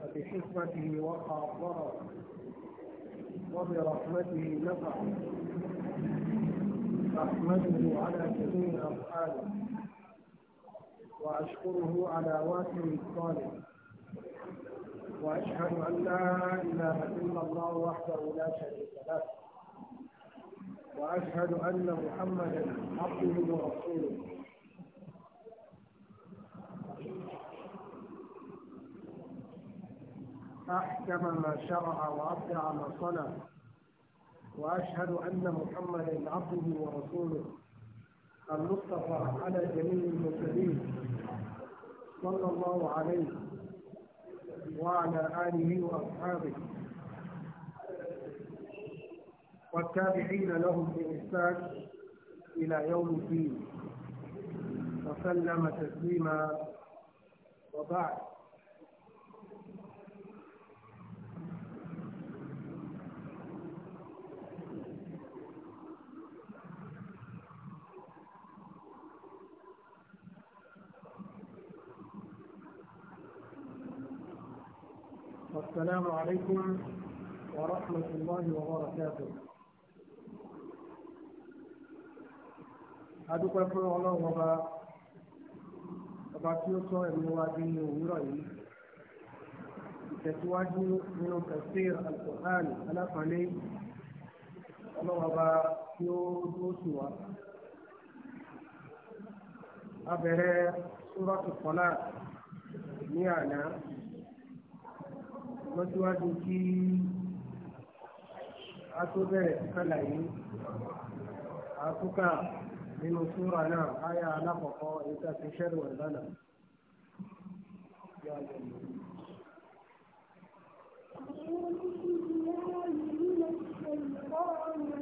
فبحكمته وقع الضرر وبرحمته نفع أحمده على جميع أفعاله وأشكره على واسع الصالح وأشهد أن لا إله إلا الله وحده لا شريك له وأشهد أن محمدا عبده ورسوله أحكم ما شرع وأبدع ما صنع وأشهد أن محمدا عبده ورسوله المصطفى على جميع المرسلين صلى الله عليه وعلى آله وأصحابه والتابعين لهم بإحسان إلى يوم الدين وسلم تسليما وبعد السلام عليكم ورحمة الله وبركاته adúpẹ́ fún ọlọ́run ọba ọba tí ó sọ ẹ̀mí wa di òwúrọ̀ yìí ìtẹ̀síwájú nínú tafsir al-Qur'an aláfààní ọlọ́run ọba tí ó dúró sí wa. a bẹ̀rẹ̀ súrọ́tù kọ́lá ní àná lọ́síwájú kí a tó bẹ̀rẹ̀ kálàyé àtúkà nínú súra náà áyà alákọ̀ọ́kọ́ ìta ti ṣẹ́rù ọ̀dánà. Thank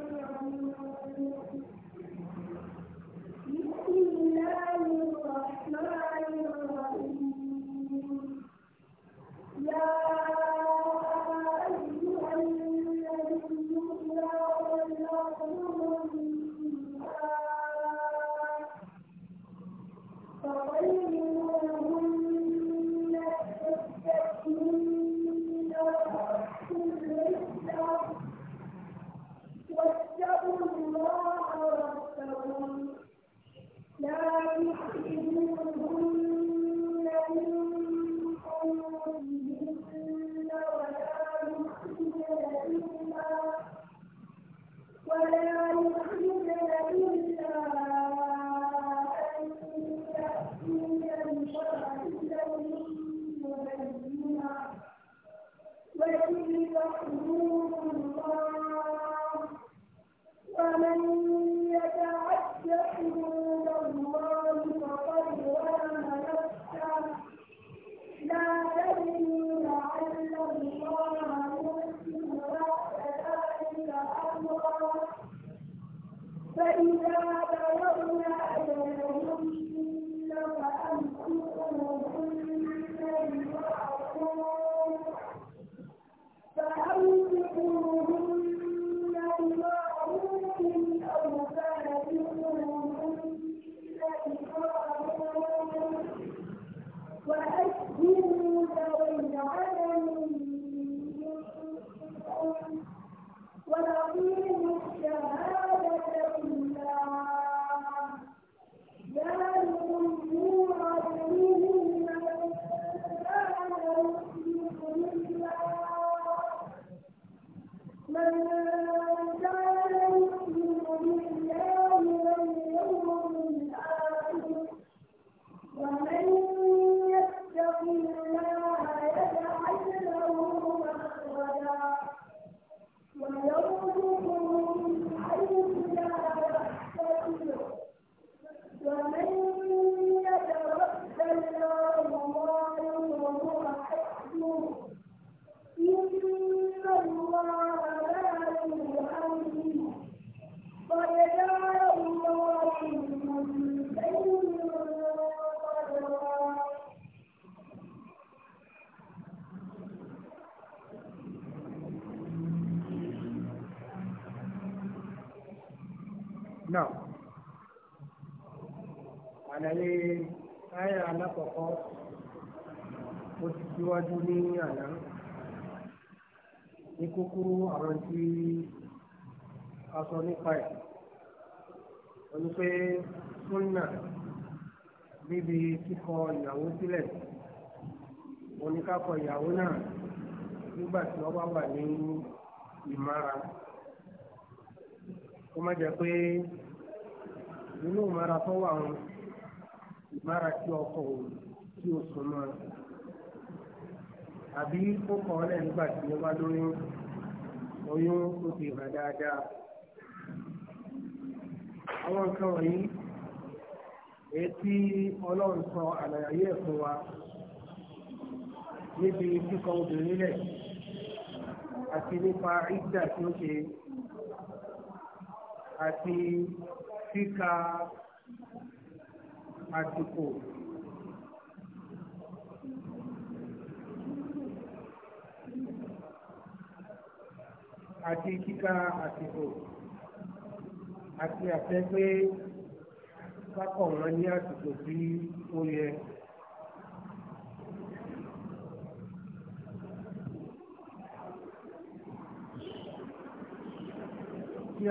you. náà àlàyé ayé alákọ̀ọ́kọ́ mo ti síwájú ní àná ní kúkúrú àwọn tí a sọ nípa ẹ̀ wọ́n ní pé súnà níbi kíkọ ìyàwó sílẹ̀ wọ́n ní ká kọ ìyàwó náà nígbà tí wọ́n bá wà ní ìmára kó má jẹ́ pé nínú mara tó wà wọn ìmọ̀ra tí ọkọ̀ òun tí ó sùn mọ́ àbí ó kọ́ ọ lẹ́nu nígbà tí ó bá lóyún oyún ó ti hàn dáadáa àwọn nǹkan wọ̀nyí ètí ọlọ́run sọ àlàyé ẹ̀ fún wa níbi kíkọ obìnrin lẹ̀ àti nípa ìgbà tí ó ṣe àti kíka àsìkò àti kíka àsìkò àti àfẹ́ pé kákọ̀ wọn ní àsìkò tí ó yẹ.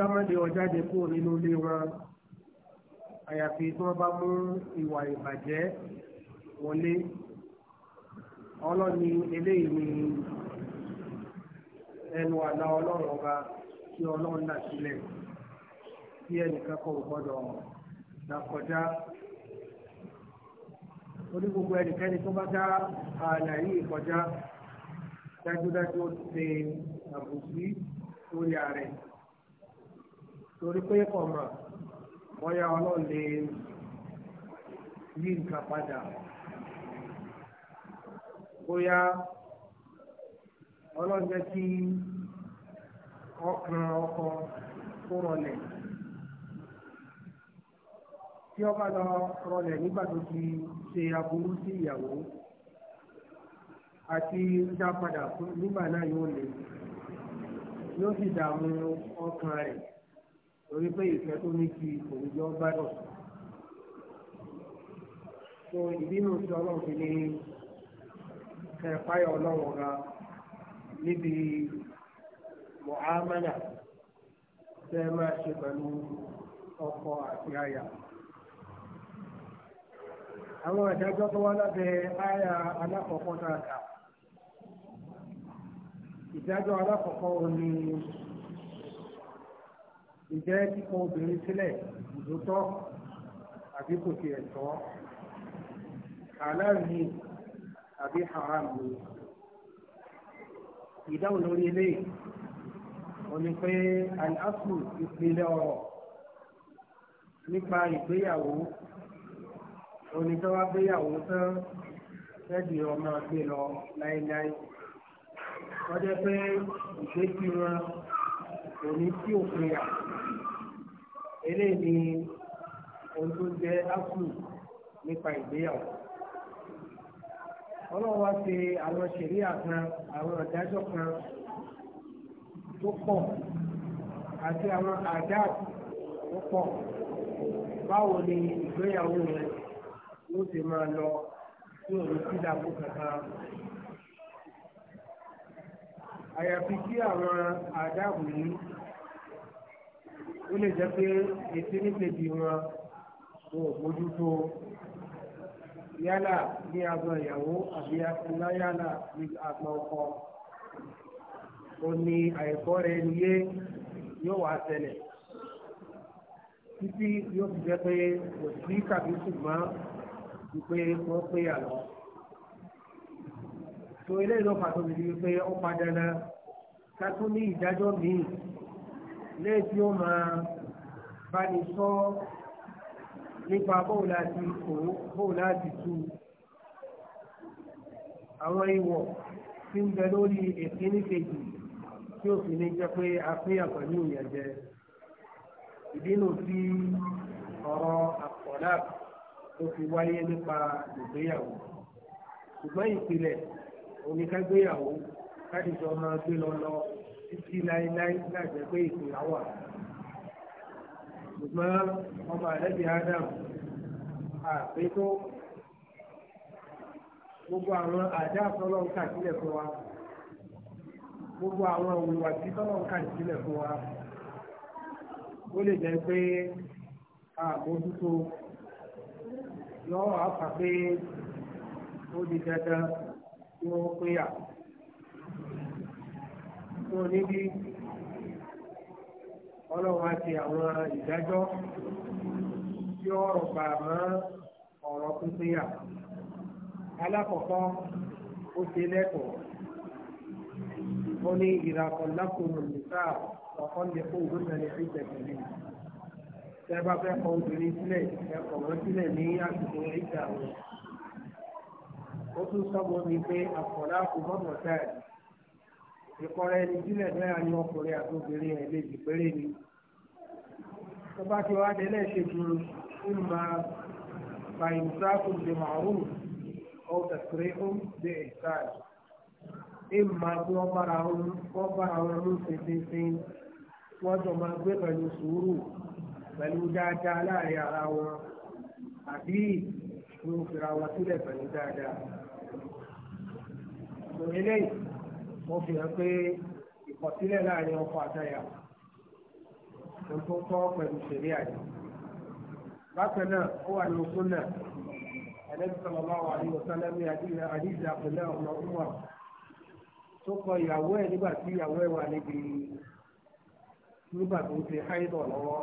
a má lè ọ̀jáde kúrò nínú ilé wọn àyàfi tí wọ́n bá mú ìwà ìbàjẹ́ wọlé ọlọ́ni eléyìí ni ẹnu àlá ọlọ́run ọba tí ọlọ́run là sílẹ̀ tí ẹnìkan kò gbọ́dọ̀ là kọjá orí gbogbo ẹnikẹ́ni tó bá dá ààlà yìí kọjá dájúdájú ó ti ṣe àbùsí lórí ààrẹ torí pé ọmọ bóyá ọlọ́run lè yí nǹkan padà bóyá ọlọ́run jẹ́ kí ọkàn ọkọ kó rọlẹ̀ tí ọba lọ rọlẹ̀ nígbà tó ti ṣe aburú sí ìyàwó àti dá padà nígbà náà yóò lè yóò sì dààmú ọkàn rẹ̀ torí pé ìfẹ́ tó ní kí òwúrọ̀ gbádùn. so ìbínú tí ọlọ́run fi ní kẹfáyọ̀ ọlọ́run ra níbi mọ̀hámánà tẹ́ máa ṣe pẹ̀lú ọkọ àti àyà. àwọn ìdájọ́ tó wá lábẹ́ àyà alákọ̀ọ́kọ́ náà kà ìdájọ́ alákọ̀ọ́kọ́ ò ní ǹjẹ́ kíkọ obìnrin sílẹ̀ ìdótọ́ àbí kò tiẹ̀ tọ́ halal ni àbí haram ni ìdáhùn lórí eléyìí wọ́n ní pé aláṣù ìpínlẹ̀ ọ̀rọ̀ nípa ìgbéyàwó onítọ́wá gbéyàwó tán fẹ́ẹ̀dì ọmọ gbé lọ láéláé wọ́n jẹ́ pé ìgbésí wọn kò ní sí òpin yàtọ̀ eléyìí ni ohun tó jẹ́ ápùlù nípa ìgbéyàwó ọlọ́run wá ṣe àwọn ṣẹ̀ríà kan àwọn ọ̀dájọ́ kan tó pọ̀ àti àwọn àdáàb tó pọ̀ báwo ni ìgbéyàwó rẹ̀ ló ti máa lọ tí òun sí dàbò kankan àyàfi kí àwọn àdáàb yìí ó lè jẹ́ pé etí níkejì wọn wọn ò mójútó yálà ní agbọn ìyàwó àbí akínlá yálà ní agbọn ọkọ ó ní àìkọ́ rẹ̀ níyé yóò wá ṣẹlẹ̀ títí yóò fi jẹ́ pé kò sí kàbí ṣùgbọ́n ju pé wọ́n pé àlọ́ tó eléyìí ló fà tóbi ju pé ó padà náà ká tún ní ìdájọ́ míì lẹ́yìn tí ó máa bá ní sọ nípa bóun láti kó bóun láti tú àwọn ìwọ̀ tí ń bẹ lórí èkíní kejì tí ó fi ní jẹ́ pé a pín àpẹ̀lú ìyẹn jẹ ìdínú sí ọ̀rọ̀ àpọ̀lá tó fi wáyé nípa ìgbéyàwó ṣùgbọ́n ìpìlẹ̀ oníkágbéyàwó káàdì sọ máa gbé lọ lọ títí láéláé láìpẹ́ pé ìpìlá ṣùgbọ́n ọmọ àlẹ́bí adam àpétó gbogbo àwọn àdá àtọ́lọ́ǹkà sílẹ̀ fún wa gbogbo àwọn òwúwà tí tọ́lọ́ǹkà sílẹ̀ fún wa ó lè jẹ́ pé àbójútó lọ́wọ́ àpà pé ó di dandan tí wọ́n pé à fún ọ níbí ọlọ́run á ti àwọn ìdájọ́ tí ọ̀rọ̀ gbà mọ́ ọ̀rọ̀ pínpín yà. alákọ̀ọ́kọ́ ó ṣe lẹ́kọ̀ọ́ ó ní ìràkọ̀lákùnrin nìta ọ̀kan lè kó òwúrọ̀ náà lè fi tẹ̀sẹ̀ lé. tẹ́ bá fẹ́ kọ obìnrin sílẹ̀ ẹ̀kọ́ wọn sílẹ̀ ní àsìkò ìgbà wọn. ó tún sọ́gbọ́n mi pé àkọ́lá kò gbọ́dọ̀ tẹ̀ ìkọrẹ ẹni jílẹ̀ náà ni ọkùnrin àti obìnrin ẹ̀ lè jì péré ni tó bá ti wá dé lẹ́ẹ̀ṣẹ̀ dúró ń máa fa ìmùsáàkù lè màrún ọ̀ tẹ̀sírí ó ń dé ìsáàlì ń máa gbé wọ́n bára wọn mú fífífín wọ́n jọ máa gbé pẹ̀lú sùúrù pẹ̀lú dáadáa láàrin ara wọn àbí ìlú fìrà wọn sílẹ̀ pẹ̀lú dáadáa mo fi hàn pé ìkọsílẹ̀ láàrin ọkọ̀ àtàyà ló tó tọ́ pẹ̀lú ṣẹ̀rí àyè. bákan náà ó wà ní oṣù náà ẹ̀lẹ́bí sọ̀rọ̀ bá wà ní ọ̀sánlẹ́mí àdìsí àpẹlẹ́ ọ̀nà ọmọ tó kọ ìyàwó ẹ̀ nígbà tí ìyàwó ẹ̀ wà níbi nígbà tó ń ṣe háìdọ̀ lọ́wọ́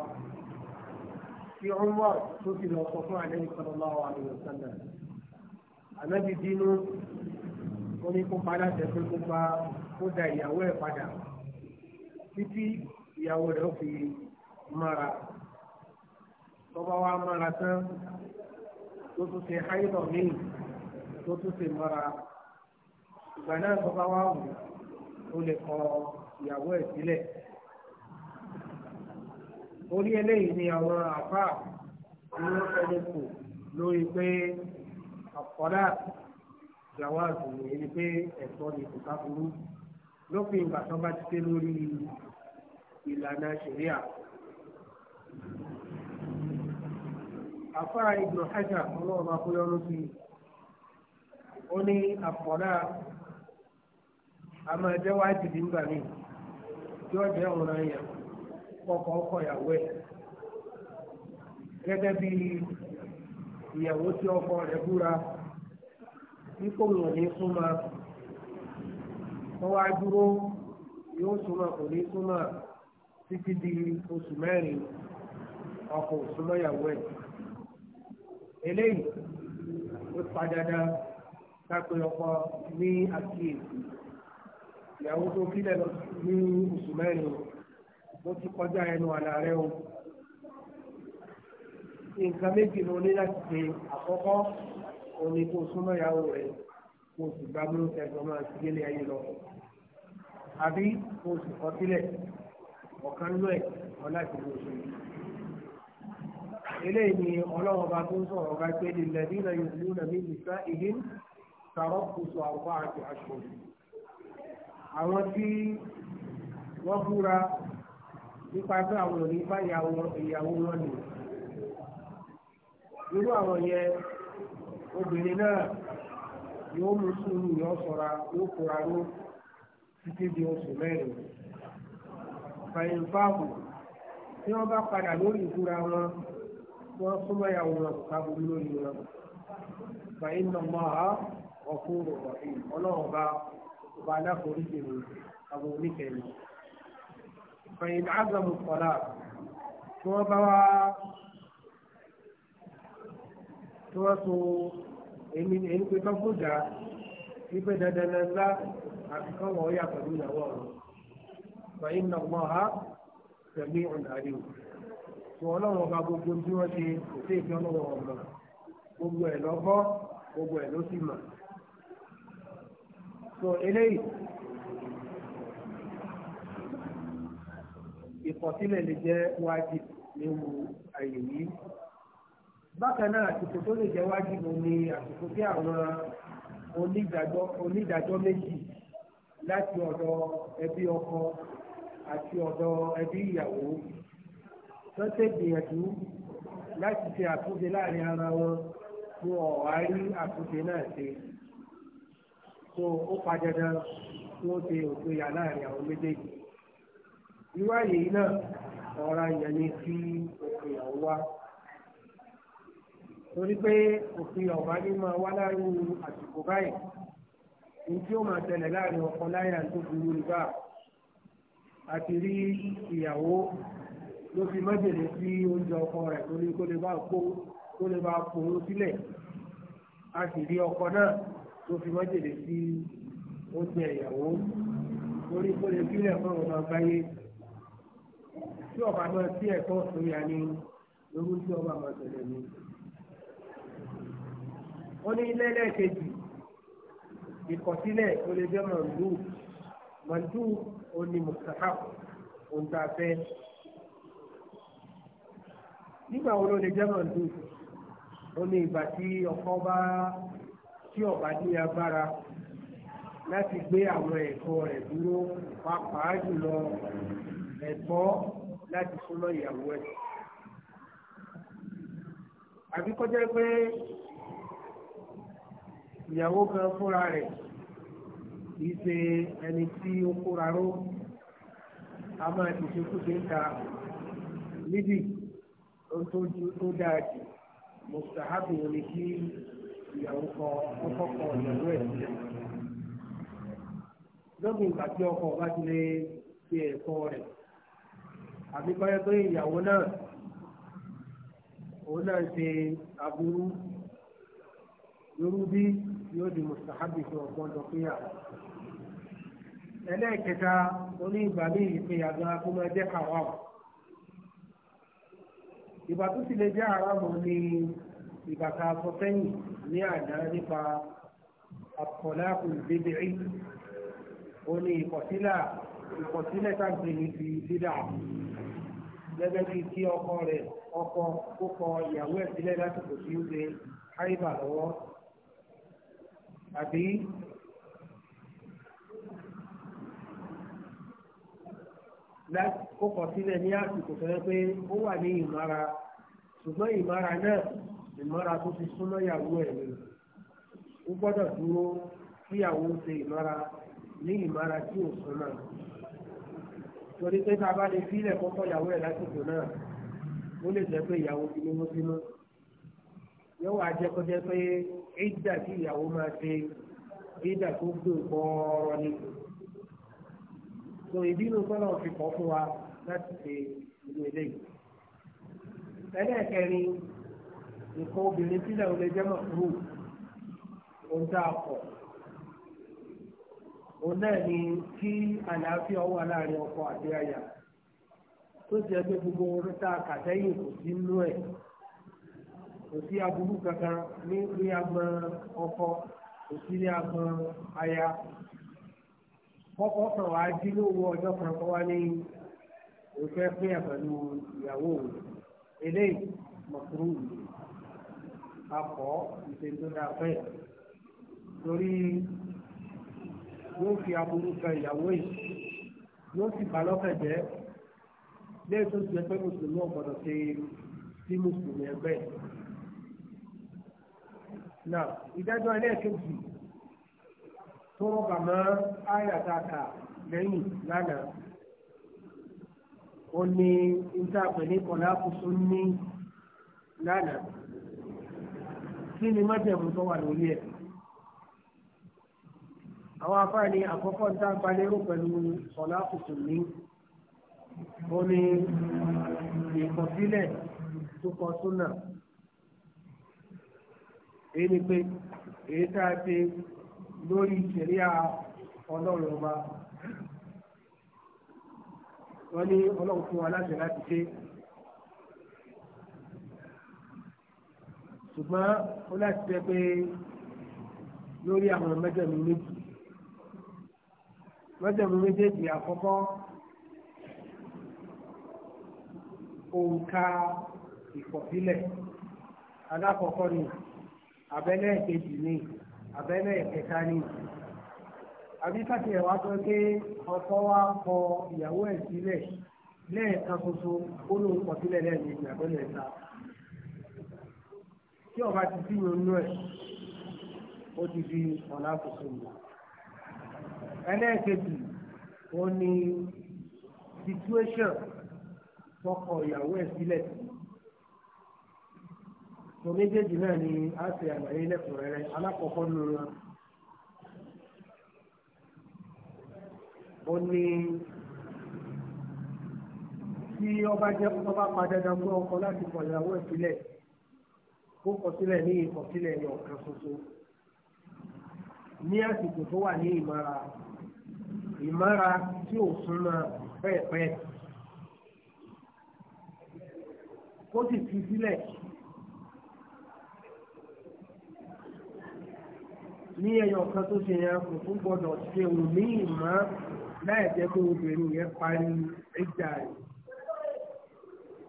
tí ọmọ tó fi lọ sọ fún àlẹ́ ìsọ̀rọ̀ bá wà ní ọ̀sánlẹ́mí àlẹ́bí ó ní kó pa láti pé kó pa kó da ìyàwó ẹ̀ padà títí ìyàwó rẹ̀ ó fi mára tọ́ba wa mára tán tó tún ṣe háìlọ̀ míì tó tún ṣe mára ìgbà náà tọ́ba wa wù ó lè kọ ìyàwó ẹ̀ sílẹ̀ orí eléyìí ni àwọn àfáà ni wọ́n fẹ́ lè kù lórí pé àkọ́dà jawaatu ẹni pé ẹ̀tọ́ ni kò ká burú lópin ìgbà tó bá ti dé lórí ìlànà ṣẹ̀ríà. àfáà ibùdó hajj ọlọ́run bá kóyọ́ lókè ó ní àfọ̀dá àmọ́ ẹjẹ́ wá jìbì ńgbà mí tí ó jẹ́ òun náà yẹn kọ́kọ́ ọkọ̀ ìyàwó ẹ̀ gẹ́gẹ́ bí ìyàwó tí ọkọ rẹ̀ búra ipò mi ò ní súnmọ́ wọ́n wá dúró yóò súnmọ́ kò ní súnmọ́ títí di oṣù mẹ́rin ọkọ̀ òsúnmọ́ ìyàwó ẹ̀. eléyìí ó pa dandan kápẹ́ ọkọ ní àkíyèsí ìyàwó tó kílẹ̀ lọ ní oṣù mẹ́rin ló ti kọjá ẹnu àlà rẹ o. nǹkan méjì ló ní láti ṣe àkọ́kọ́ òní kó súnmọ́ ìyàwó rẹ̀ kó sì gba mú ẹ̀gbọ́n máa ti délé ayé lọ. àbí kó sì kọ́ sílẹ̀ ọ̀kan ló ẹ̀ ọ̀ láti lè ṣe. eléyìí ni ọlọ́wọ́ bá tó ń sọ̀rọ̀ bá pé lílẹ̀ nínú ìlú náà ní ìsá ìdí sàrọ̀ kóso àrùbá àti aṣọ. àwọn tí wọ́n búra nípa pé àwọn òní bá ìyàwó wọn nì. irú àwọn yẹn obìnrin náà yóò mú sùúrù yóò sọra yóò kóra ló títí di oṣù mẹ́rin fàyìn fáàbù tí wọ́n bá padà lórí ìfura wọn wọ́n súnmọ́ ìyàwó wọn pàbò lórí wọn fàyìn nàmọ́ ha ọ̀fun rọ̀bìn ọlọ́run bá ọba aláforíjì ni àwọn oníkẹ́yìn fàyìn àgàmù kọ́lá tí wọ́n bá wá tí wọ́n so èmi èmi pé kán fún ìjà wípé dandan ńlá àti kán wọ́n yà pẹ̀lú ìyàwó ọ̀rọ̀ fàyín náà wọ́n ha tẹ̀lé ọ̀nà àdéhùn tí wọ́n lọ́wọ́ ọba gbogbo tí wọ́n ṣe kò sí ìfẹ́ ọlọ́wọ́ ọ̀gbọ̀n gbogbo ẹ̀ lọ́gbọ́ gbogbo ẹ̀ ló sì mọ̀ so eléyìí ìkọsílẹ̀ lè jẹ́ wájú nínú àyè yìí bákan náà àsìkò tó lè jẹ́ wájú mo ni àsìkò tí àwọn onídàájọ́ méjì láti ọ̀dọ̀ ẹbí ọkọ àti ọ̀dọ̀ ẹbí ìyàwó tó ṣe gbìyànjú láti ṣe àtúnṣe láàrin ara wọn ní ọ̀wá rí àtúnṣe náà ṣe tó ó pa dandan tí wọ́n ṣe òpeyà láàrin àwọn méjèèjì. irú àyè yìí náà ọ̀ràn yẹn ni kí òpeyà wá torí pé òfin ọ̀gá ní máa wá láàrin àsìkò báyìí ní tí ó máa tẹ̀lé láàrin ọkọ láyà tó burú nígbà àti rí ìyàwó ló fi mọ́jèlé sí oúnjẹ ọkọ rẹ̀ torí kó lè bá kó kó lè bá kóró sílẹ̀ a sì rí ọkọ náà ló fi mọ́jèlé sí oúnjẹ ìyàwó torí kó lè sílẹ̀ fún ọmọ báyé tí ọba náà sí ẹ̀kọ́ sórí àní lórí tí ọba máa tẹ̀lé mi ó ní ilé lẹ́ẹ̀kejì ìkọ̀sílẹ̀ ó lè jẹ́ mọ̀lú mọ̀lú ó ní mustahab ohun tá a fẹ́ nígbà wo ló lè jẹ́ mọ̀lú ó ní ìgbà tí ọkọ bá tí ọba ní agbára láti gbé àwọn ẹ̀kọ́ rẹ̀ dúró pàápàá jùlọ ẹ̀kọ́ láti súnmọ́ ìyàwó ẹ̀. àbí pé ìyàwó kan fúnra rẹ̀ kì í ṣe ẹni tí ó kóra ró a máa ti ṣe ń ta níbi tó dáa jù mustahabu kí ìyàwó kọ ọkọ kọ ìyàwó ẹ̀ sílẹ̀. lọ́gùn ìgbà tí ọkọ bá ti lè ṣe ẹ̀kọ́ rẹ̀ àbí pé ìyàwó náà òun irú bí yóò di mustahabi fún ọgbọ́n dọ́kíyà. ẹlẹ́ẹ̀kẹta oní ìgbà ní ìpínyà gan kó máa jẹ́ haram. ìgbà tó sì lè jẹ́ haram ni ìgbà tá a sọ sẹ́yìn ní àná nípa àpọ̀láàkù bíbélì oní ìkọ̀sílà ìkọ̀sílẹ̀ tàbí níbi dídà gẹ́gẹ́ bí kí ọkọ rẹ̀ ọkọ kó ìyàwó ẹ̀ sílẹ̀ lásìkò tí ó ṣe háìbà lọ́wọ́ àbí kókò sílẹ̀ ní àsìkò tó yẹ pé ó wà ní ìmọ̀ra ṣùgbọ́n ìmọ̀ra náà ìmọ̀ra tó ti súnmọ́ ìyàwó ẹ̀ ni ó gbọ́dọ̀ dúró kíyàwó ṣe ìmọ̀ra ní ìmọ̀ra tí ò súnmọ́ torí pé tá a bá lè sílẹ̀ kọ́kọ́ ìyàwó ẹ̀ lásìkò náà ó lè jẹ́ pé ìyàwó ti ní sínú. yóò wá jẹ́ kọjá pé ìdà tí ìyàwó máa ṣe ìdà tó gbé gbọ́ọ̀rọ̀ ni. so ìbínú sọ́nà fi kọ́ fún wa láti ṣe ìlú eléyìí. ẹlẹ́ẹ̀kẹrin nǹkan obìnrin sílẹ̀ ò lè tá a òun náà ni kí àlàáfíà kò sí aburú kankan ní ní agbọn ọkọ kò sí ní agbọn aya kọ́kọ́ kan wàá jí lówó ọjọ́ kan kọ́ wá ní òfẹ́ pé àpẹ̀lú ìyàwó eléyìí mọ̀kúrú akọ ìṣèjọba fẹ́ torí yóò fi aburú kan ìyàwó yìí yóò sì bá lọ́kàn jẹ́ lẹ́yìn tó ti ẹgbẹ́ mùsùlùmí ọ̀gbọ́dọ̀ ṣe sí mùsùlùmí ẹgbẹ́ yìí náà ìdájọ́ ẹlẹ́ẹ̀kejì tó rọ̀bà mọ́ àyàtàkà lẹ́yìn lánàá ó ní ìtàpẹ̀ ní kọ̀láàkùsù ní lánàá kí ni májèmú tó wà lórí ẹ̀ àwọn afáàní àkọ́kọ́ ń tàpá lérò pẹ̀lú kọ̀láàkùsù ní ó ní ìkọ̀sílẹ̀ tó kọ súnà èyí ni pé èyí tá a ṣe lórí ìṣẹ̀ríà ọlọ́run ọba wọ́n ní ọlọ́run fún wa láṣẹ láti ṣe. ṣùgbọ́n ó láti jẹ́ pé lórí àwọn mẹ́jọ̀mí méjì mẹ́jọ̀mí méjèèjì àkọ́kọ́ òǹkà ìkọ̀sílẹ̀ alákọ̀ọ́kọ́ ni abẹ́lẹ̀ kejì ni abẹ́lẹ̀ kẹta ni àbí káṣíyẹ̀ wá sọ pé ọkọ wa kọ ìyàwó ẹ̀ sílẹ̀ lẹ́ẹ̀kan ṣoṣo ó lóun kọ sílẹ̀ lẹ́ẹ̀mejì abẹ́lẹ̀ ẹ̀ta tí ọba ti sí yonú ẹ̀ ó ti di ọ̀la ṣoṣo nù ẹlẹ́ẹ̀kejì ó ní situation tọkọ ìyàwó ẹ̀ sílẹ̀ sí tó méjèèjì náà ni a ṣe àlàyé lẹ́kùnrẹ́rẹ́ alákọ̀ọ́kọ́ nù wọn. ó ní tí ọba jẹ́ ọba padàdà fún ọkọ láti kọ̀ ìyàwó ẹ̀ sílẹ̀ kó kọ sílẹ̀ ní ìkọ̀sílẹ̀ ní ọ̀kan tuntun ní àsìkò tó wà ní ìmọ̀ra ìmọ̀ra tí ò súnmọ́ pẹ́ẹ́pẹ́ẹ́ kó sì fi sílẹ̀ ní ẹyọ kan tó ṣe yẹn kò tún gbọdọ̀ ṣe òun ní ìmọ̀ láì jẹ́ pé obìnrin yẹn parí ẹja rẹ̀.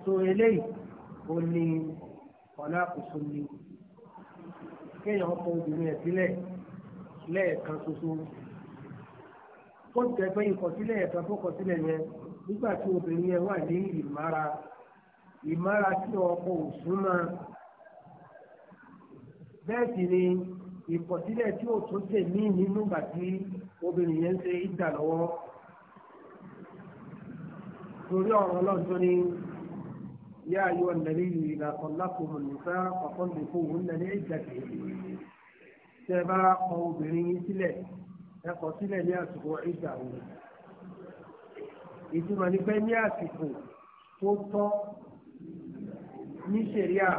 so eléyìí ó ní ọ̀nà àkóso ni kéèyàn ọkọ obìnrin ẹ̀ sílẹ̀ lẹ́ẹ̀kan ṣoṣo ó jẹ́ pé ìkọ̀sílẹ̀ ẹ̀ka tó yẹn nígbà tí obìnrin yẹn wà ní ìmára ìmára tí ọkọ òṣùnmọ́ bẹ́ẹ̀ sì ni ìkọ̀sílẹ̀ tí ó tún tè ní nínú ìgbà tí obìnrin yẹn ń ṣe ìdà lọ́wọ́ torí ọ̀rọ̀ ọlọ́run tó ní yá ayọ̀ nàlẹ́ yìí ìlà ọ̀làkùn mọ̀lùfẹ́ ọ̀kan lè fún òun nàlẹ́ ìjàkè tẹ bá kọ obìnrin yín sílẹ̀ ẹ kọ sílẹ̀ ní àsìkò ìjà òun ìtumọ̀ ní pé ní àsìkò tó tọ́ ní sẹ̀ríà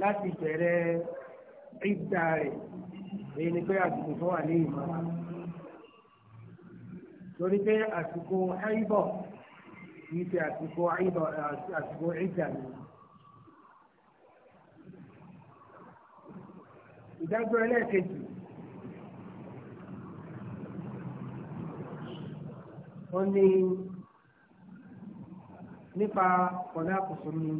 láti bẹ̀rẹ̀ ìdá rẹ̀ èyí ni pé àsìkò tó wà ní ìmọ̀ torí pé àsìkò ẹ̀yìnbọ̀ kì í ṣe àsìkò ẹ̀yìnbọ̀ àsìkò ẹ̀jà ni. ìdájọ́ ẹlẹ́ẹ̀kejì ó ní nípa ọ̀nà àkùsù mi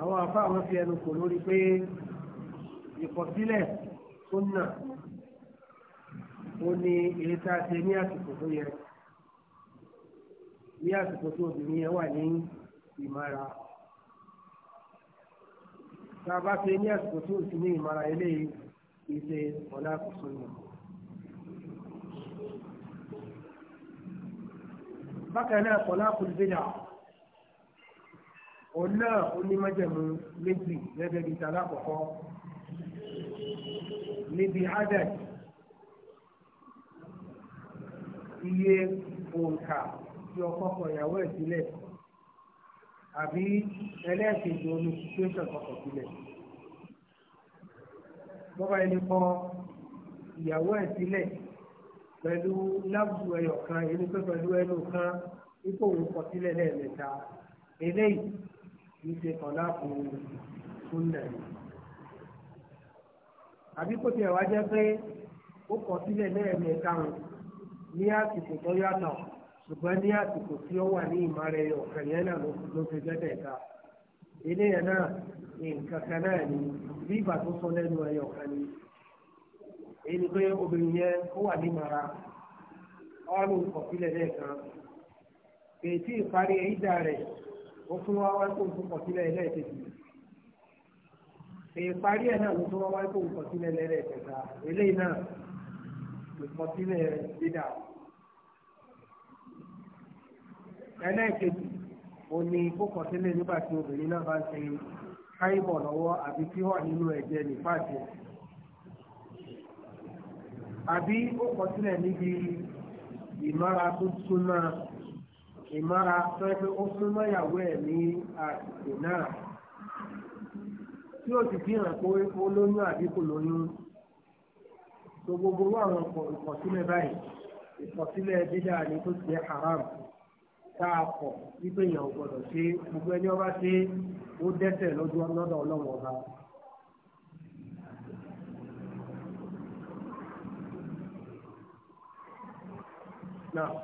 àwọn àfa fi ẹnu kò lórí pé ìkọ̀sílẹ̀ súnà ó ní èyí tá a ṣe ní àsìkò tó yẹ ní àsìkò tó obìnrin yẹn wà ní ìmára tá a bá ṣe ní àsìkò tó sì ní ìmára eléyìí kì í ṣe ọ̀la kò súnà. bákan náà kọ̀lá kùlùbílà òun náà onímọ̀jẹ̀mú méjì gẹ́gẹ́ bíi tàlákọ̀kọ́ níbi adad iye òǹkà tí ọkọ kọ ìyàwó ẹ̀ sílẹ̀ àbí ẹlẹ́ẹ̀kejì olùsíṣẹ́sọ̀ kọkọ̀ sílẹ̀ bọ́ba ẹni kọ ìyàwó ẹ̀ sílẹ̀ pẹ̀lú lábùkù ẹyọ kan ẹni pé pẹ̀lú ẹnu kan ipò òun kọ sílẹ̀ lẹ́ẹ̀mẹ́ta eléyìí kì í ṣe kàn láàbù súnlẹ̀ yìí àbí kò tiẹ̀ wá jẹ́ pé ó kọ sílẹ̀ lẹ́ẹ̀mẹ́ta rùn ní àsìkò tó yàtọ̀ ṣùgbọ́n ní àsìkò tí ó wà ní ìmọ̀ràn ẹ̀yọ̀ kẹ̀yẹ́ náà ló fi gbẹ́dẹ̀ ká eléyà náà nǹkan kan náà ni bí ìgbà tó sọ lẹ́nu ẹ̀yọ̀ kan ni èyí pé obìnrin yẹn ó wà ní ìmọ̀ra ọ́nù kọ̀ sílẹ̀ lẹ́ẹ̀kan kèétí ìparí ìdá rẹ̀ ó fún wa wá kó o tún kọ̀ sílẹ̀ lẹ́ẹ̀kejì ìparí ẹ̀ náà ló tó wáyé kó ìkọsílẹ̀ lẹ́lẹ́kẹta eléyìí náà ìkọsílẹ̀ dídà ẹlẹ́ẹ̀kejì òun ni kó kọsílẹ̀ nígbà tí obìnrin náà bá ń ṣe káyìbọ̀ lọ́wọ́ àbí tí nínú ẹ̀jẹ̀ àbí ó níbi tó súnmọ́ tó tí ó sì fi hàn pé ó lóyún àbí kò lóyún tó gbogbo àwọn ìkọ̀sílẹ̀ báyìí ìkọ̀sílẹ̀ dídá ni tó ti jẹ́ haram tá a kọ̀ wípé èèyàn ò gbọ́dọ̀ ṣe gbogbo ẹni ọba ṣe ó dẹ́sẹ̀ lójú lọ́dọ̀ ọlọ́run ọba. Now.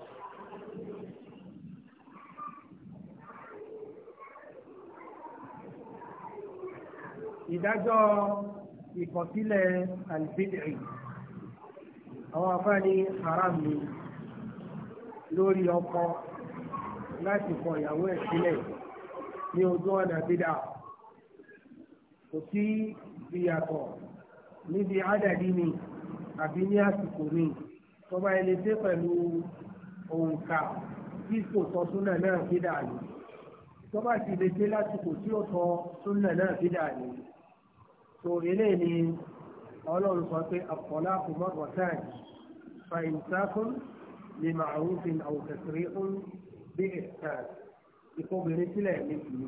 ìdájọ́ ìkọ̀sílẹ̀ àlùfíìdì àwọn afáàní haram ni lórí ọkọ láti kọ ìyàwó ẹ̀ sílẹ̀ ní ojú ọ̀nà bídà kò sí ìyàtọ̀ níbi ádàdí mi àbí ní àsìkò mi tọ́ba ẹni dé pẹ̀lú òǹkà tí kò tọ́ súnà náà bídà ni tọ́ba sì lè dé lásìkò tí ó tọ́ súnà náà bídà ni sórí ilé ni ọlọ́run sọ pé àpọ̀láàpù mọ́tò táàgì fa ìmùsákùn lè máa rúfin àwòkẹ́sìrì ń bí ẹ̀sán ìkọ́bìnrin sílẹ̀ méjì ni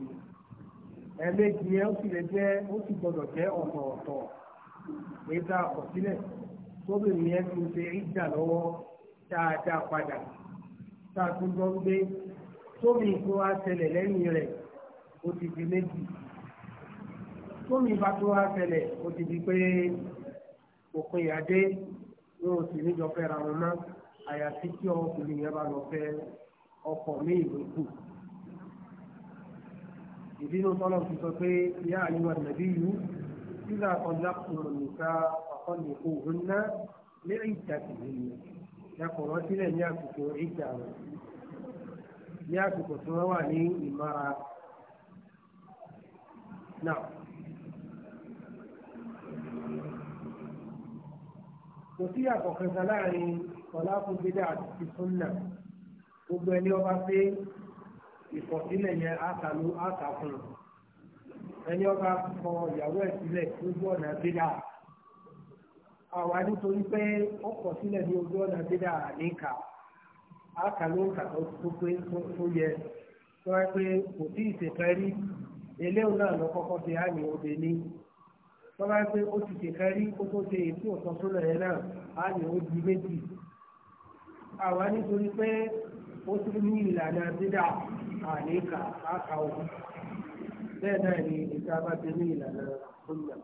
ẹ̀ẹ́mẹ́jì yẹn ó sì lè jẹ́ ó sì gbọ́dọ̀ jẹ́ ọ̀tọ̀ọ̀tọ̀ èyí tá a kọ̀ sílẹ̀ tóbìnrin yẹn tún ṣe ìjà lọ́wọ́ dáadáa padà tá a tún gbọ́ ń tóbìnrin tó wá ṣẹlẹ̀ lẹ́yìn rẹ̀ ó ti di méjì tómi bá tó wá ṣẹlẹ̀ ó ti di pé òpin ìyáde wọn ò sì níjọ fẹ́ ra wọn mọ́ àyàfi tí ọkùnrin yẹn bá lọ fẹ́ ọkọ̀ ní ìlú kù. ìbínú tọ́lọ̀ ti sọ pé ìyá àyíwá nàbí yìí sílá ọ̀la kùnrin nìka ọ̀kọ́ni òhun náà lé ìjà tìlẹ̀ yàtọ̀ wọ́n sílẹ̀ ní àsìkò ìjà rẹ̀ ní àsìkò tí wọ́n wà ní ìmọ̀ra náà. kò sí yàtọ̀ kankan láàrin ọ̀làkùn bídà àti súnà gbogbo ẹni ọba pé ìkọ̀sílẹ̀ yẹn àtàlù àtàkùn ẹni ọba kọ ìyàwó ẹ̀ sílẹ̀ lójú ọ̀nà bídà àwa nítorí pé ó kọ̀ sílẹ̀ ní ojú ọ̀nà bídà àníkà àtàlù òǹkàtọ̀ tó pé tó yẹ tó wáyé pé kò sí ìṣèkẹ́rí eléyìí náà lọ kọ́kọ́ fi hàn ní obìnrin tó bá pé ó ti ṣe kárí kó tó ṣe èyí tí ò sọ sólò yẹn náà á lè ó di méjì àwa nítorí pé ó ti ní ìlànà dídà àlékà àkà òun bẹ́ẹ̀ náà ni ìta bá ti ní ìlànà òun náà.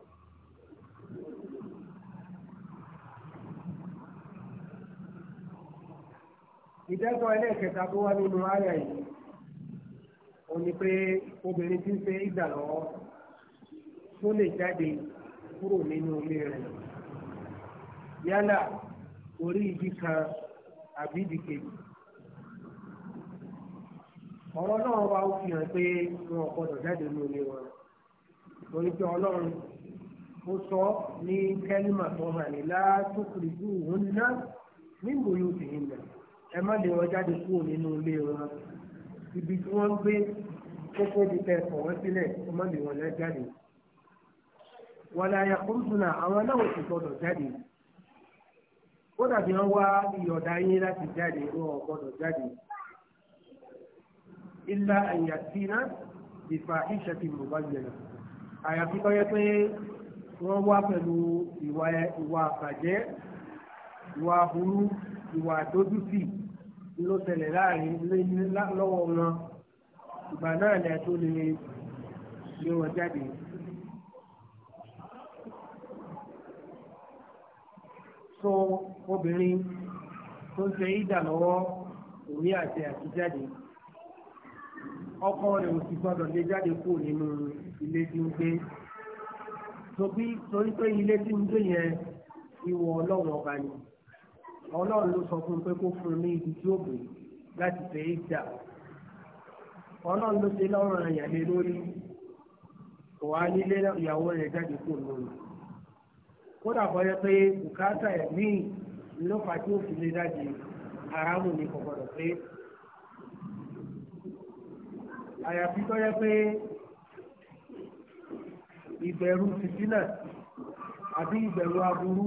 ẹlẹ́ẹ̀kẹta tó wá nínú àyà yìí ó ní pé obìnrin tí ń ṣe ìgbà tó lè jáde kúrò nínú ilé rẹ̀ yálà orí ibi kan àbí ibi kejì ọ̀rọ̀ náà wá ó fi hàn pé wọn ò gbọdọ̀ jáde ní ilé wọn torí pé ọlọ́run ó sọ ní kẹ́límà tó wọn jáde kúrò nínú wọn ibi tí wọ́n wọn la yà kúrúsùnà àwọn náà ti gbọdọ̀ jáde ó dàbí wọn wá ìyọ̀dá yín láti jáde wọn ò gbọdọ̀ jáde ilá àyàtìná ìfà ìṣẹ́tì mọ̀báyẹ̀nà àyàfi kọ́ yẹ pé wọ́n wá pẹ̀lú ìwà àbàjẹ́ ìwà burú ìwà àdójútì ló tẹ̀lẹ̀ láàrin lọ́wọ́ wọn ìgbà náà lẹ́ẹ̀tọ́ lè lé wọn jáde. so obìnrin tó ń ṣe ìdà lọ́wọ́ òní àti àtijáde ọkọ rẹ̀ ò sì gbọ́dọ̀ lè jáde kúrò nínú ilé tí ń gbé torí torí pé ilé tí ń gbé yẹn ìwọ ọlọ́run ọba ni ọlọ́run ló sọ fún kódà bọ́ yẹ pé bùkátà ẹ̀ míì ló fà tí ó fi lé dájì haramu ní kò gbọdọ̀ pé. àyàfi tó yẹ pé ìbẹ̀rù fìtínà àbí ìbẹ̀rù aburú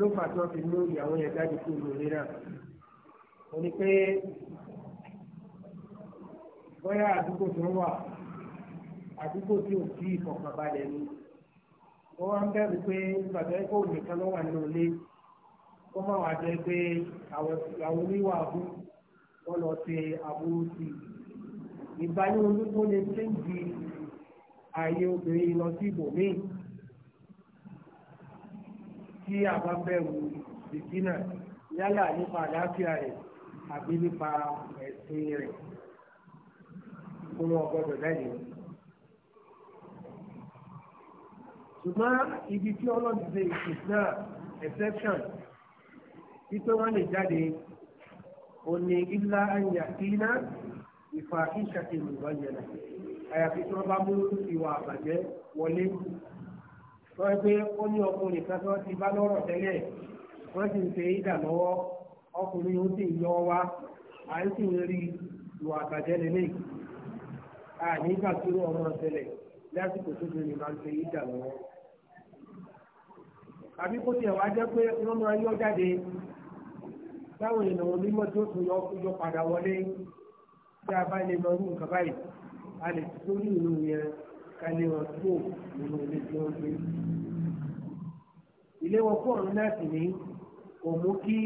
ló fà tí wọ́n fi mú ìyàwó yẹn jáde kúrò lórí náà. ó ní pé bóyá àdúgbò tó wà àdúgbò tí ò sí ìfọ̀kànbalẹ̀ ni ó wá ń bẹ̀rù pé bàtà ẹ̀kọ́ nìkan ló wà ní òlé kó má wàá jẹ́ pé àwọn oníwà abú wọ́n lọ ṣe aburú sí i ìbáyé olúkó lè ṣéǹdì ààyè obìnrin lọ sí ibòmíì tí a bá bẹ̀rù ìdínà yálà nípa àdáfíà rẹ̀ àbí nípa ẹ̀sìn rẹ̀ kó lọ́ọ́ gbọ́dọ̀ lẹ́yìn. ṣùgbọ́n ibi tí ọlọ́dún ṣe na náà exception títí wọ́n lè jáde ó ní ilá ayà kíná ìfà ìṣàkè nìkan yẹn náà àyàfi tí wọ́n bá mú ìwà àbàjẹ́ wọlé pé ó ní ọkùnrin kan tí wọ́n ti bá lọ́rọ̀ tẹ́lẹ̀ wọ́n sì ń ṣe ìdà lọ́wọ́ ọkùnrin ó sì ń yọ wá à ń àbí kó tiẹ̀ wá jẹ́ pé wọ́n máa yọ jáde táwọn èèyàn wọn mímọ́ tí tún yọ padà wọlé tí a bá lè mọ irú nǹkan báyìí a lè tó ní ìlú yẹn ká lè wọn tó nínú ilé tí wọ́n gbé. ilé wọn fún ọ̀run náà sì ní kò mú kí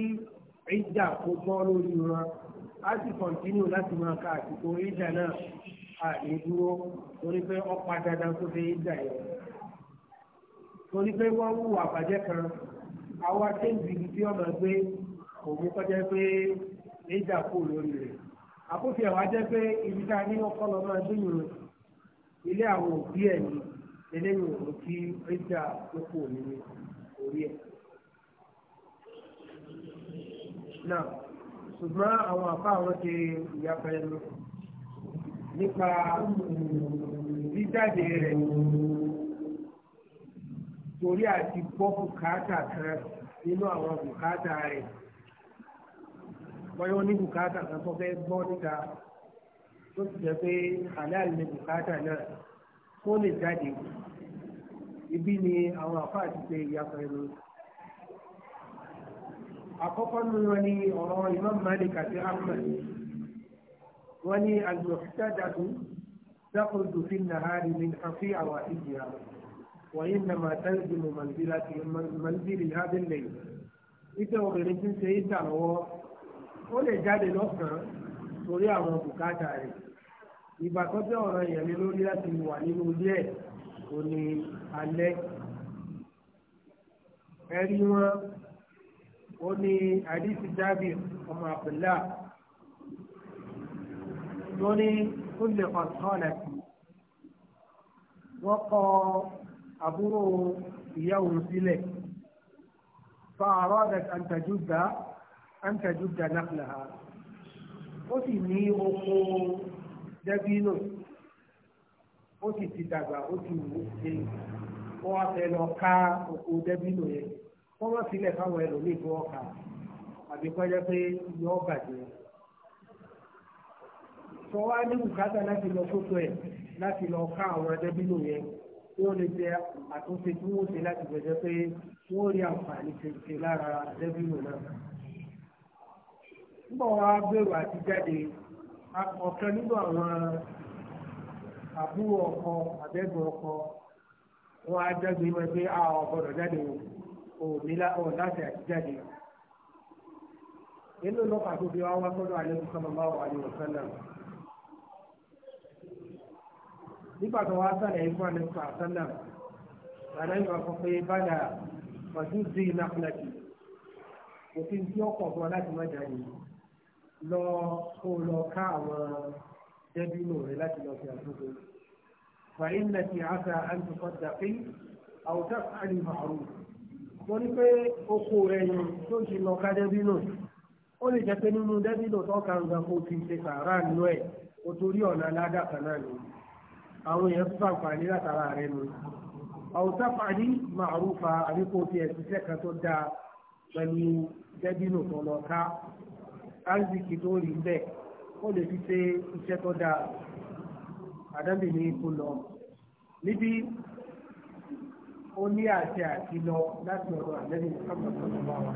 ìjà kó bọ́ lórí wọn a sì kọ̀ǹtínú láti máa ka àsìkò ìjà náà àìdúró torí pé ọ̀pá dandan tó fẹ́ ìjà yẹn torí pé wọ́n ń wà bàjẹ́ kan àwa kéńtì ibi tí ọmọ gbé òun kọjá pé níjà kú lórí rẹ̀ àkófì ẹ̀wà jẹ́ pé ibi tá a ní ọkọ́ lọ máa gbìyànjú ilé àwọn òbí ẹ̀ ni eléyìí òun kí níjà tó kù ní orí ẹ̀. náà ṣùgbọ́n àwọn àbá àwọn ti ìyapa ẹnu nípa jíjáde rẹ̀ torí àti gbọ́ bùkátà kan nínú àwọn bùkátà rẹ̀ bọ́yọ́ ní bùkátà kan tó fẹ́ gbọ́ níta tó ti jẹ́ pé halal ní bùkátà náà kó lè jáde ibi ni àwọn àfa àti ṣe ìyàtọ̀ ẹnu. àkọ́kọ́ nu wọn ni ọ̀rọ̀ imam malik àti ahmed wọn ni alùpùpù dáadáa tó dákòó dùfín nàhárí ní àfi àwọn ìjìyà وإنما تنزل منزلة منزل هذا الليل ìtẹ́ obìnrin tí ń ṣe ìta lọ́wọ́ ó lè jáde lọ́sàn-án torí àwọn bùkátà rẹ̀ ìgbà tó jẹ́ ọ̀ràn yẹn ni lórí láti wà nínú ilé ẹ̀ kò ní alẹ́ ẹ̀rí wọn ó ní àdìsí jábìr ọmọ àbùlá tó ní ó lè kàn sọ́ọ̀lá sí wọ́n kọ́ ọ àbúrò ìyá òun sílẹ̀ fa àrọ́dà àǹtàjúdà àǹtàjúdà nàfìlàhà ó sì ní oko dẹ́bínú ó sì ti dàgbà ó ti wù ú ṣe wọ́n wá fẹ́ lọ ká oko dẹ́bínú yẹn wọ́n sílẹ̀ fáwọn ẹlòmíì tó ọkà àbí kọjá pé yọ bàjẹ́ sọ wá ní bùkátà láti lọ sóto ẹ̀ láti lọ ká àwọn dẹ́bínú yẹn kí lè jẹ àtúnṣe tí wọ́n ṣe láti gbẹ̀jẹ̀ pé wọ́n rí àǹfààní ṣe lára dẹ́bìnù náà. nígbà wọn gbèrò àti jáde ọ̀kan nínú àwọn àbúrò ọkọ àbẹ́gbọ̀n ọkọ wọn á jágbe mọ́ pé a ò gbọ́dọ̀ jáde o láti àti jáde. nínú lọ́pàá tó fi wá wá sọ́dọ̀ àlejò sọ́mọ́ bá wà ní ọ̀sán náà nígbà tó wá sálẹ̀ ikú àlẹ́kùn àtàlà àlẹ́yìn wà fún pé bàdà pàtó dé nàkúlàkì òfin tí ó kọ̀ fún ọ láti má dání lọ kó lọ ká àwọn dẹ́bí nù rẹ láti lọ sí àtúntò fàyín nàkì àṣà àǹtìkọ́ dàpé àwùjọ àlè màrú wọ́n ní pé oko ẹ̀yìn tó ti lọ ká dẹ́bí nù ó lè jẹ́ pé nínú dẹ́bí nù tó kàn gan kó ti ṣe sàárà nínú ẹ̀ o torí ọ̀nà aládàkà náà nìyí àwọn èèyàn tó fàǹfààní látara rẹ̀ nù àwòtáfààní màrúfa àríkò tí ẹ̀ ṣiṣẹ́ kan tó dáa pẹ̀lú dẹ́bínú tó lọ ká áńsìkì tó rí bẹ́ẹ̀ ó lè fi ṣe iṣẹ́ tó dáa àdábì ní kó lọ níbi ó ní àṣẹ àti lọ láti ọ̀dọ̀ àlẹ́bí mọ́tàmọ́ tó lọ bá wà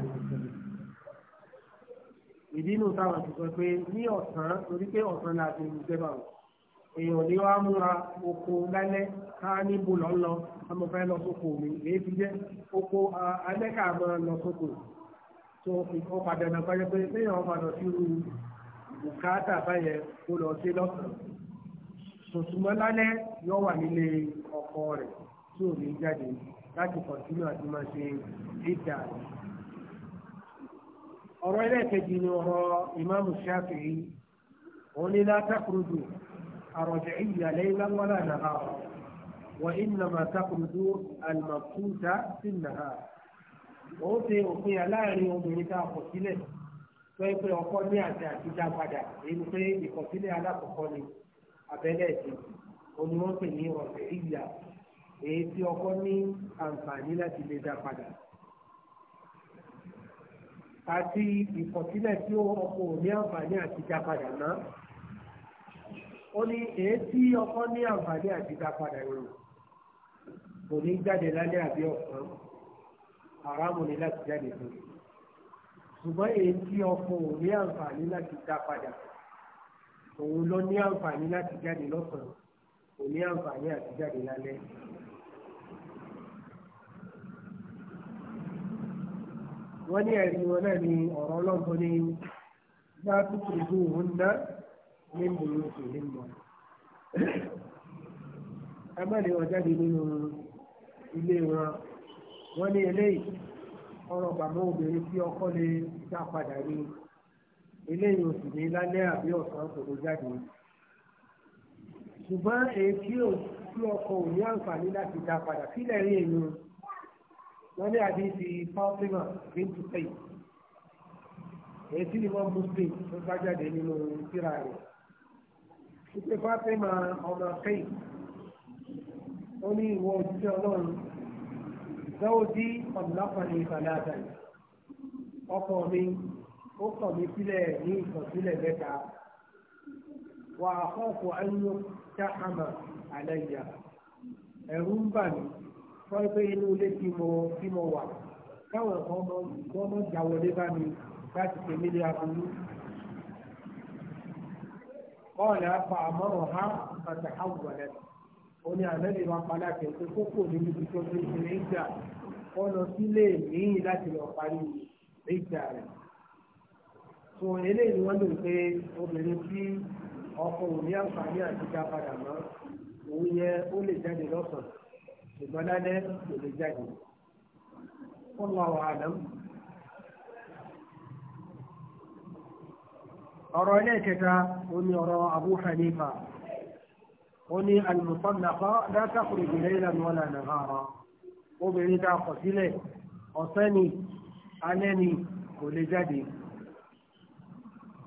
ìdí inú táwọn ti sọ pé ní ọ̀sán torí pé ọ̀sán la ń gbẹ́bà wọn èèyàn ní wàá múra oko lálẹ́ ká níbo lọ lọ àmọ́ fẹ́ lọ sóko mi èyí ti jẹ́ oko alẹ́ ká máa lọ sóko tó ìkọ́ padà náà bá yẹ pé lẹ́yìn ọ̀pá lọ sí irú bùkátà báyẹn kó lọ sí lọ́sàn-án sòtúmọ́ lálẹ́ yọ wà nílé ọkọ rẹ̀ tí ò ní jáde láti kọ̀tínú àti máa ṣe dídà rẹ̀. ọ̀rọ̀ ẹlẹ́ẹ̀kejì ni ọ̀rọ̀ ìmáàmù ṣáfìrí òun ní látàkùrọ̀dù الرجعية ليلا ولا نهارا وإنما تخرج المبسوطة في النهار ó ṣe òfin aláàárín obìnrin tá a kọ̀ sílẹ̀ tó yẹ pé ọkọ ní àti àtijọ́ padà èyí pé ìkọ̀sílẹ̀ alákọ̀ọ́kọ́ ni abẹ́lẹ̀ ẹ̀sìn oníwọ́pẹ̀ ní ọ̀sẹ̀ ìyà èyí tí ọkọ ní àǹfààní láti lè dá padà. àti ìkọ̀sílẹ̀ tí ọkọ ò ní àǹfààní àtijọ́ padà náà ó ní èétí ọkọ ní àǹfààní àti dápadà ìrò kò ní jáde lálẹ́ àbí ọ̀kan àràmù ni láti jáde fún un ṣùgbọ́n èétí ọkọ ò ní àǹfààní láti dápadà òun ló ní àǹfààní láti jáde lọ́sàn-án kò ní àǹfààní àti jáde lálẹ́. wọ́n ní ẹ̀rí wọn náà ni ọ̀rọ̀ ọlọ́gbọ́n ní bá tuntun ìlú òun من بيوتهن أما لأجد منه ilé wọn wọn ní eléyìí ọ̀rọ̀ pàmò obìnrin tí ọkọ lè dá padà ní eléyìí oṣù ní lálẹ́ àbí ọ̀sán kò lè jáde ṣùgbọ́n èyí tí ọkọ ò ní àǹfààní láti dá padà sílẹ̀ rí èyí wọn ní àdéhìí fáwọnà bíntu pay èyí tí ni wọn mú pay tó bá jáde nínú tíra rẹ̀ ìpè fátímà ọmọ kéyì ó ní ìwọ òjíṣẹ́ ọlọ́run dáwọ́dí ọ̀dùnláfàní ìfàlàdà ọkọ mi ó kọ̀ mí sílẹ̀ ní ìkọ̀sílẹ̀ mẹ́ta wà á kọ́kọ́ ẹ̀yọ́ dáhàmà àlẹ́yà ẹ̀rú ń bà mí fọ́npẹ́ inú ilé tí mo tí mo wà káwọn ọmọ ọmọ jáwọlé bá mi láti pèmí ní aburú. قال فأمرها فتحولت هنا الذي ما قال في الكفر من كفر العدة قال سلي مي لكن وقالي عدة so eléyìí ni wọ́n lò pé obìnrin tí ọkọ òní àǹfààní àti dá padà mọ́ òun yẹ ó lè jáde lọ́sàn-án ṣùgbọ́n lálẹ́ kò lè jáde. wọ́n lọ wà á lẹ́mú. ọ̀rọ̀ ẹlẹ́ẹ̀kẹta oní ọ̀rọ̀ abu hanifa oní alùsọ̀nàkọ́ dákàkùrù ìlẹ́yìnlá ni wọ́n là nà hàrá obìnrin tá a kọ̀ sílẹ̀ ọ̀sẹ́ ni alẹ́ ni kò lè jáde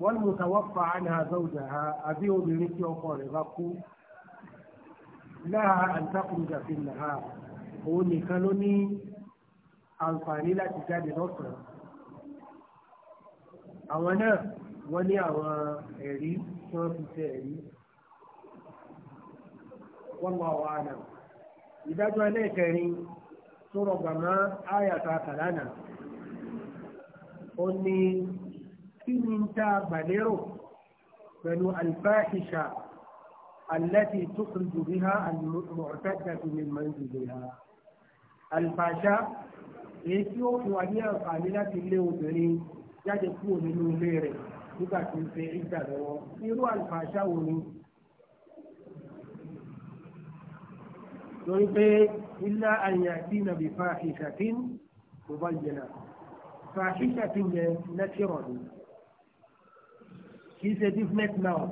wọ́n mú tàwọ́fà àná àzọ́jà ha àbí obìnrin tí ọkọ rẹ̀ bá kú láha àǹtakùrùjà fi nà òun nìkan ló ní àǹfààní láti jáde lọ́sàn àwọn náà wọ́n ní àwọn ẹ̀rí tí wọ́n fi ṣe ẹ̀rí wọ́n lọ wà náà ìdájọ́ ẹlẹ́ẹ̀kẹrin tó rọgbà mọ́ àyàtọ̀ àkàlánà ó ní kí ni tá a gbàlérò pẹ̀lú alfáàṣìṣà alẹ́tì tó bí ha àlùmọ̀ọ́tẹ́tẹ̀ mi máa ń jùlọ èyí tí ó fún wa ní àǹfààní láti lé obìnrin jáde kúrò nínú ilé rẹ̀ nígbà tí ń ṣe ìgbà lọ́wọ́ irú àlùfàṣà wo ni. torí pé ilá àyàtí nàbí fàáhìṣàtín kò bá yẹnà fàáhìṣàtín yẹn nẹ́tírọ̀ ni kì í ṣe different now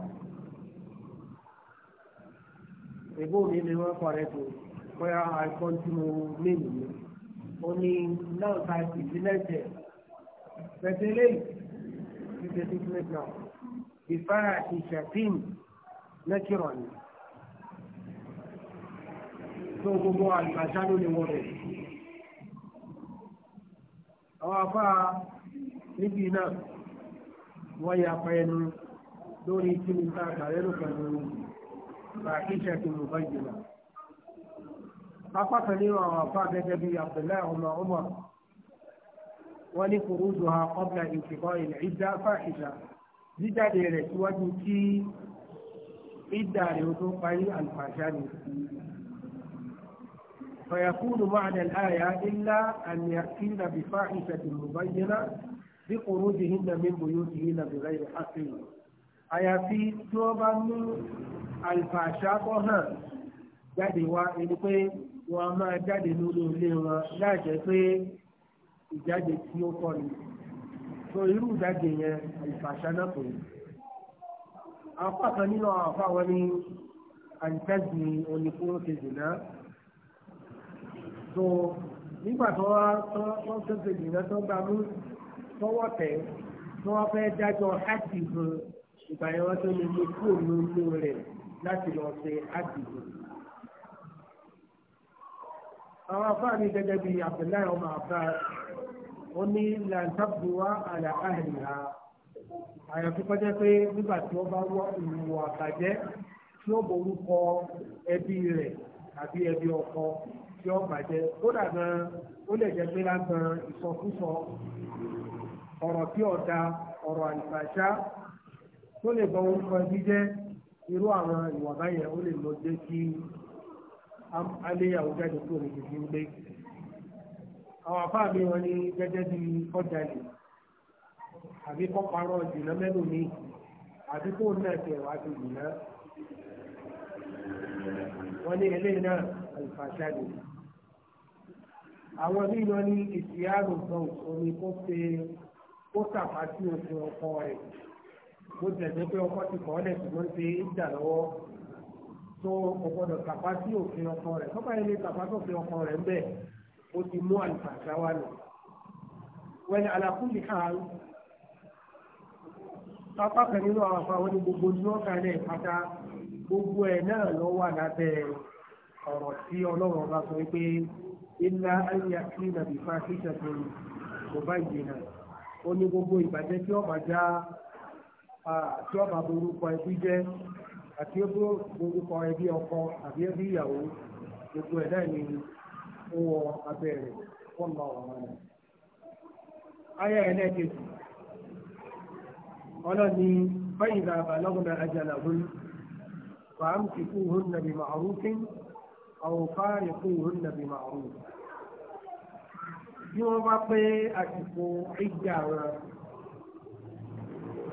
ẹgbẹ́ òní ni wọ́n kọ̀rẹ́ tó bóyá àìsàn tí mo mí nìyẹn ó ní náà ta ìdílé jẹ pẹ̀tẹ́lẹ́yìn to the business now. بفاحشة نكرا tó gbogbo àlùbáṣá ló lè wọ bẹ̀. àwọn afá níbi náà wọ́n ya apá ẹnu lórí kíni tá a kàwé ló pẹ̀lú bàkíṣà tó lò bá jìnnà. apá kan nínú àwọn afá gẹ́gẹ́ bíi abdullahi ọmọ ọmọ wọ́n ní kòrózò ha ọ̀bla ìtìkọ́ ilẹ̀ ìdá fàṣìṣà jíjáde rẹ̀ síwájú kí ìdá rẹ̀ tó parí àlùfàṣà ni. فيكون معنى الآية إلا أن يأتين بفاحشة مبينة بخروجهن من بيوتهن بغير حق àyàfi tí wọ́n bá mú àlùfàṣà kọ́ hàn jáde wá ẹni pé wọ́n máa jáde lórí ilé wọn láì jẹ́ pé ìjáde tí ó tọ́ ni so irú ìjáde yẹn ìfàṣà náà kò ní. apá kan nínú àwọn àfa wọn ní àǹtẹ́sì oníkóró kejì náà so nígbà tó wá tó ṣẹ̀ṣẹ̀ jìnnà tó gbà mú tọwọ́ tẹ̀ tí wọ́n fẹ́ dájọ́ áàtì gan ìgbà yẹn wọ́n tó lè mú kúrò nínú rẹ̀ láti lọ ṣe áàtì àwọn afáàní gẹ́gẹ́ bíi abdullahi ọmọ abbas ó ní làǹtàbùwá àlà àhìlá àyàfi kọjá pé nígbà tí wọ́n bá wọ ìwò àbàjẹ́ tí ó borúkọ ẹbí rẹ̀ àbí ẹbí ọkọ tí ó bàjẹ́ ó dàgbà ó lè jẹ́ pé lágbọn ìsọkúsọ ọ̀rọ̀ tí ọ̀dà ọ̀rọ̀ àlùfàṣà tó lè bọ orúkọ ẹbí jẹ́ irú àwọn ìwà báyẹn ó lè lọ jẹ́ kí aléyàwó jáde kúrò ní ìdí ń gbé àwọn afáà mi wọn ní gẹ́gẹ́ bí ọ̀dàlẹ̀ àbí kọ́parọ́ ìdìnnà mẹ́lò mi àbí kó náà tẹ̀ wá sí ìdìnnà wọ́n ní eléyìí náà àlùfàṣà lè àwọn míì lọ ní ìsìyàrò gan omi kó ṣe kó ṣàfàṣì òfin ọkọ rẹ̀ bó tẹ̀sẹ̀ pé ọkọ ti kọ́ ọ́ lẹ̀ ṣùgbọ́n ṣe é dà lọ́wọ́ tó o gbọ́dọ̀ kàpá sí òfin ọkọ rẹ̀ tó bá yẹ lè kàpá tó fi ọkọ rẹ̀ ń bẹ̀ ó ti mú àlùfàṣà wà lọ. wẹ́n alákùnrin kan pápá kan nínú àwọn afáwọn ní gbogbo tí wọ́n kà lẹ̀ pátá gbogbo ẹ̀ náà lọ wà lábẹ́ ọ̀rọ̀ tí ọlọ́run bá sọ pé ilá ayé kí nàbí fásitì ṣẹ̀kùn kò bá ìdènà ó ní gbogbo ìbàjẹ́ tí ọba já tí ọba borúkọ ẹbí jẹ́ àti ọdún orúkọ ẹbí ọkọ àbí ẹbí ìyàwó gbogbo ẹ̀dá ni ó wọ abẹ́rẹ́ wọ́n lọ ọ̀rọ̀ rẹ̀. ayé ẹlẹ́kejì ọlọ́ni báyìí bàbá lọ́gùnà àjàlá hún فأمسكوهن بمعروف أو فارقوهن بمعروف bí wọ́n bá pé àsìkò ìjà wọn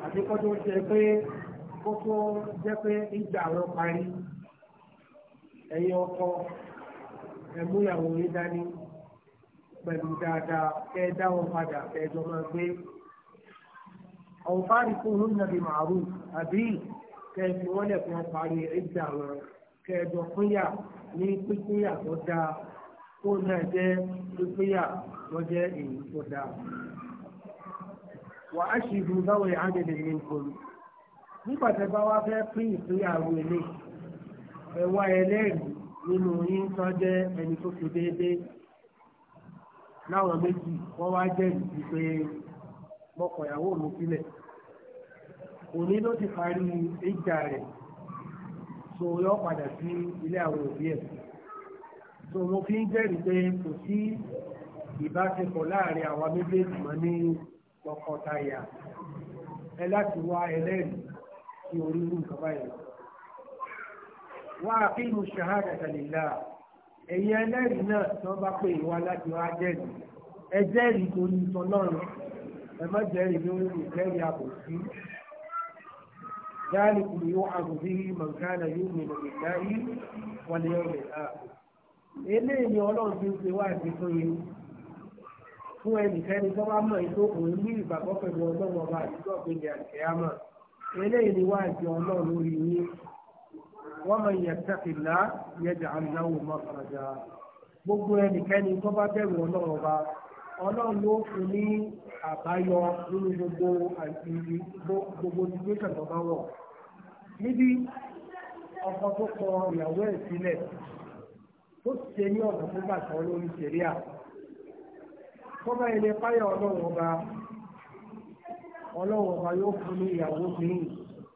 àti kọ́tún ṣe pé kó tó jẹ́ pé ìgbà wọn parí ẹ̀yin ọkọ ẹ̀múyàwó yín dání pẹ̀lú dáadáa kẹ́ ẹ dá wọn padà kẹ́ ẹ jọ máa gbé. ọ̀fáàrí fún òun nàbí màálù àbí kẹ́ ẹ fi wọ́n lẹ̀ parí ìgbà wọn kẹ́ ẹ jọ ní pínpínyà tó nígbà tẹ bá wá fẹ́ pín ìpínyàwó ilé ẹ wá ẹlẹ́rìí nínú yín tó jẹ́ ẹni tó fi déédéé láwọn méjì wọ́n wá jẹ́rìí sí pé mọ́kànyàwó mi sílẹ̀ òní ló ti parí ìjà rẹ̀ so yọ padà sí ilé àwọn òbí ẹ̀ so mo fi ń jẹ́rìí pé kò sí ìbáṣepọ̀ láàrin àwa méjèèjì mọ́ ní tọkọtaya ẹ láti wá ẹlẹ́rìí tí orí irú nǹkan báyìí wá àfihàn ṣahada tàlélà ẹ̀yin ẹlẹ́rìí náà tí wọ́n bá pè wá láti wá jẹ́rìí ẹ jẹ́rìí torí ìtọ́lọ́run ẹ má jẹ́rìí lórí ìjẹ́rìí àbòsí. ذلكم يوعظ به من كان يؤمن بالله واليوم الآخر eléyìí ni ọlọ́run fi ń ṣe wá àti fún yín fún ẹnikẹ́ni tó bá mọ̀ ètò òun ní ìgbàgbọ́ pẹ̀lú ọlọ́run ọba àtijọ́ ìpínlẹ̀ àti ẹ̀yámọ̀ eléyìí ni wàá jẹ ọlọ́run lórí yín wọ́n mọ ìyẹ̀tẹ́kìlá yẹ̀dà àlùdáwò mọ́kànlá gbogbo ẹnikẹ́ni tó bá bẹ̀rù ọlọ́run ọba ọlọ́run ló fún ní àbáyọ nínú gbogbo gbogbo situation tó bá wọ̀ níbi ọkọ tó kọ ìyàwó ẹ̀ sílẹ̀ tó ṣe ní ọ̀nà tó bàtà olórí sẹ̀ríà tó bá ilé páyọ̀ ọlọ́run ọba ọlọ́wọ́ ọba yóò fún ní ìyàwó míì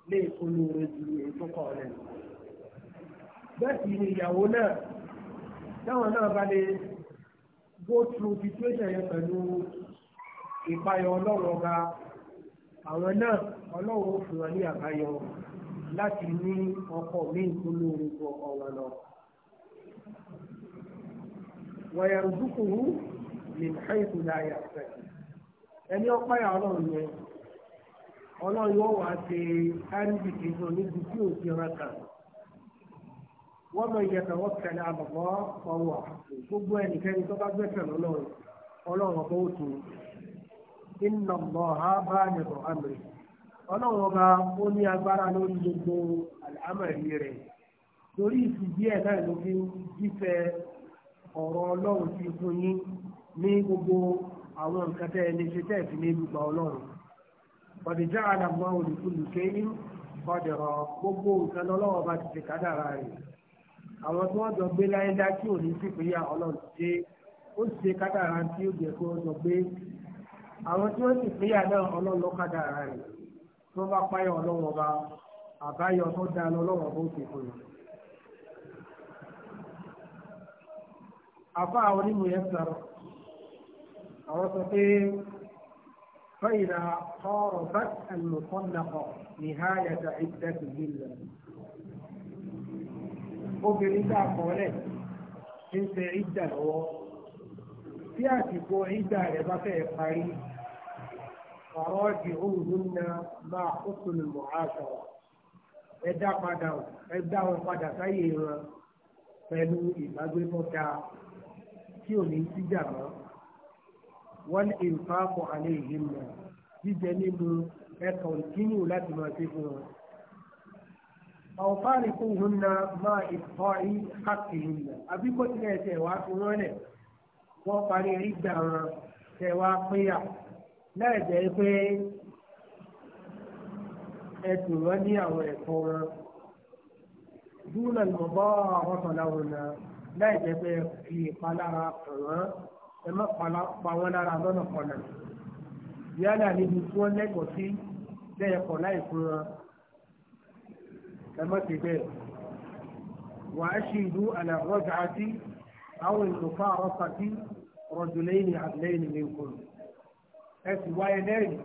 lé ìpolú rẹ̀ ju ètò kan rẹ̀. bẹ́ẹ̀ sì ni ìyàwó náà táwọn náà bá lè go through situation yẹn pẹ̀lú ìpayọ̀ ọlọ́wọ́ ọba àwọn náà ọlọ́wọ́ fún wọn ní àbáyọ láti ní ọkọ̀ míì ìpolú rẹ̀ ju ọkọ̀ wọn lọ. wàyàrùdúkùrú min haitu la yàtọ̀ ẹni ọpá yà ọlọ́run yẹn ọlọ́run yóò wá ṣe áńdìkì fún níbi tí ò ti rán kan wọ́n mọ ìyẹ̀tọ̀ wọ́n kẹlẹ àbọ̀bọ́ ọwọ́ gbogbo ẹnikẹ́ni tó bá gbẹ̀sẹ̀ lọ́lọ́run ọlọ́run ọba ó iná ha bá àmì ọlọ́run ọba ó ní agbára lórí gbogbo àmì rẹ̀ torí ẹ̀ ló fi jífẹ́ ọ̀rọ̀ ọlọ́run ti fún yín ní gbogbo àwọn nǹkan tẹ́ ṣe tẹ́ fi gbogbo ọlọ́run. kọ̀dé já àlàmọ́ olùkúlùkẹ́ ní kọ̀dẹ̀rọ̀ gbogbo nǹkan lọ́wọ́ bá ti ṣe kádàrà rẹ̀ àwọn tí wọ́n jọ gbé láyédá tí ò ní sí ìpínyà ọlọ́run ṣe ó ṣe kádàrà tí ó jẹ́ kó jọ gbé àwọn tí wọ́n sì ìpínyà náà ọlọ́run kádàrà rẹ̀ tí wọ́n bá páyọ̀ ọlọ́run ọba àbáyọ tó dáa lọ́wọ́ bó ti fún un. onímọ̀ yẹn sọ̀rọ̀ àwọn sọ pé. فإذا قاربت المطلقة نهاية عدة obìnrin tá a kọ̀ lẹ̀ ń ṣe ìdà lọ́wọ́ tí àsìkò ìdà rẹ̀ bá parí di na máa kó sunu ẹ dá padà ẹ dá wọn padà sáyé wọn pẹ̀lú ìbágbépọ̀ ta tí ò ní síjà mọ́. wọ́n ní ìfàkọ̀ àlẹ́ ìhìn náà jíjẹ nínú ẹ̀ka òtínú láti máa ṣe fún wọn. ọ̀fáàrí fún òun náà máa ìfọ́ ìhàkì ìhìn náà àbí kó tilẹ̀ ẹ̀sẹ̀ wá fún wọn lẹ̀ wọ́n parí ìgbà wọn tẹ̀ wá péyà láì jẹ́ pé ẹ̀sùn wọn ní àwọn ẹ̀kọ́ wọn dúró lọ́nà bọ́ àwọn ọ̀sán láwọn náà láì jẹ́ pé ìpalára kàn ẹ má pa wọn lára lọ́nà kọ̀nà yálà níbi tí wọ́n lẹ́kọ̀ọ́ sí lẹ́yìn kọ̀ láì fún wọn ẹ má ti bẹ́ẹ̀. وأشهدوا على الرجعة أو المفارقة رجلين عدلين منكم ẹ sì wá ẹlẹ́rìí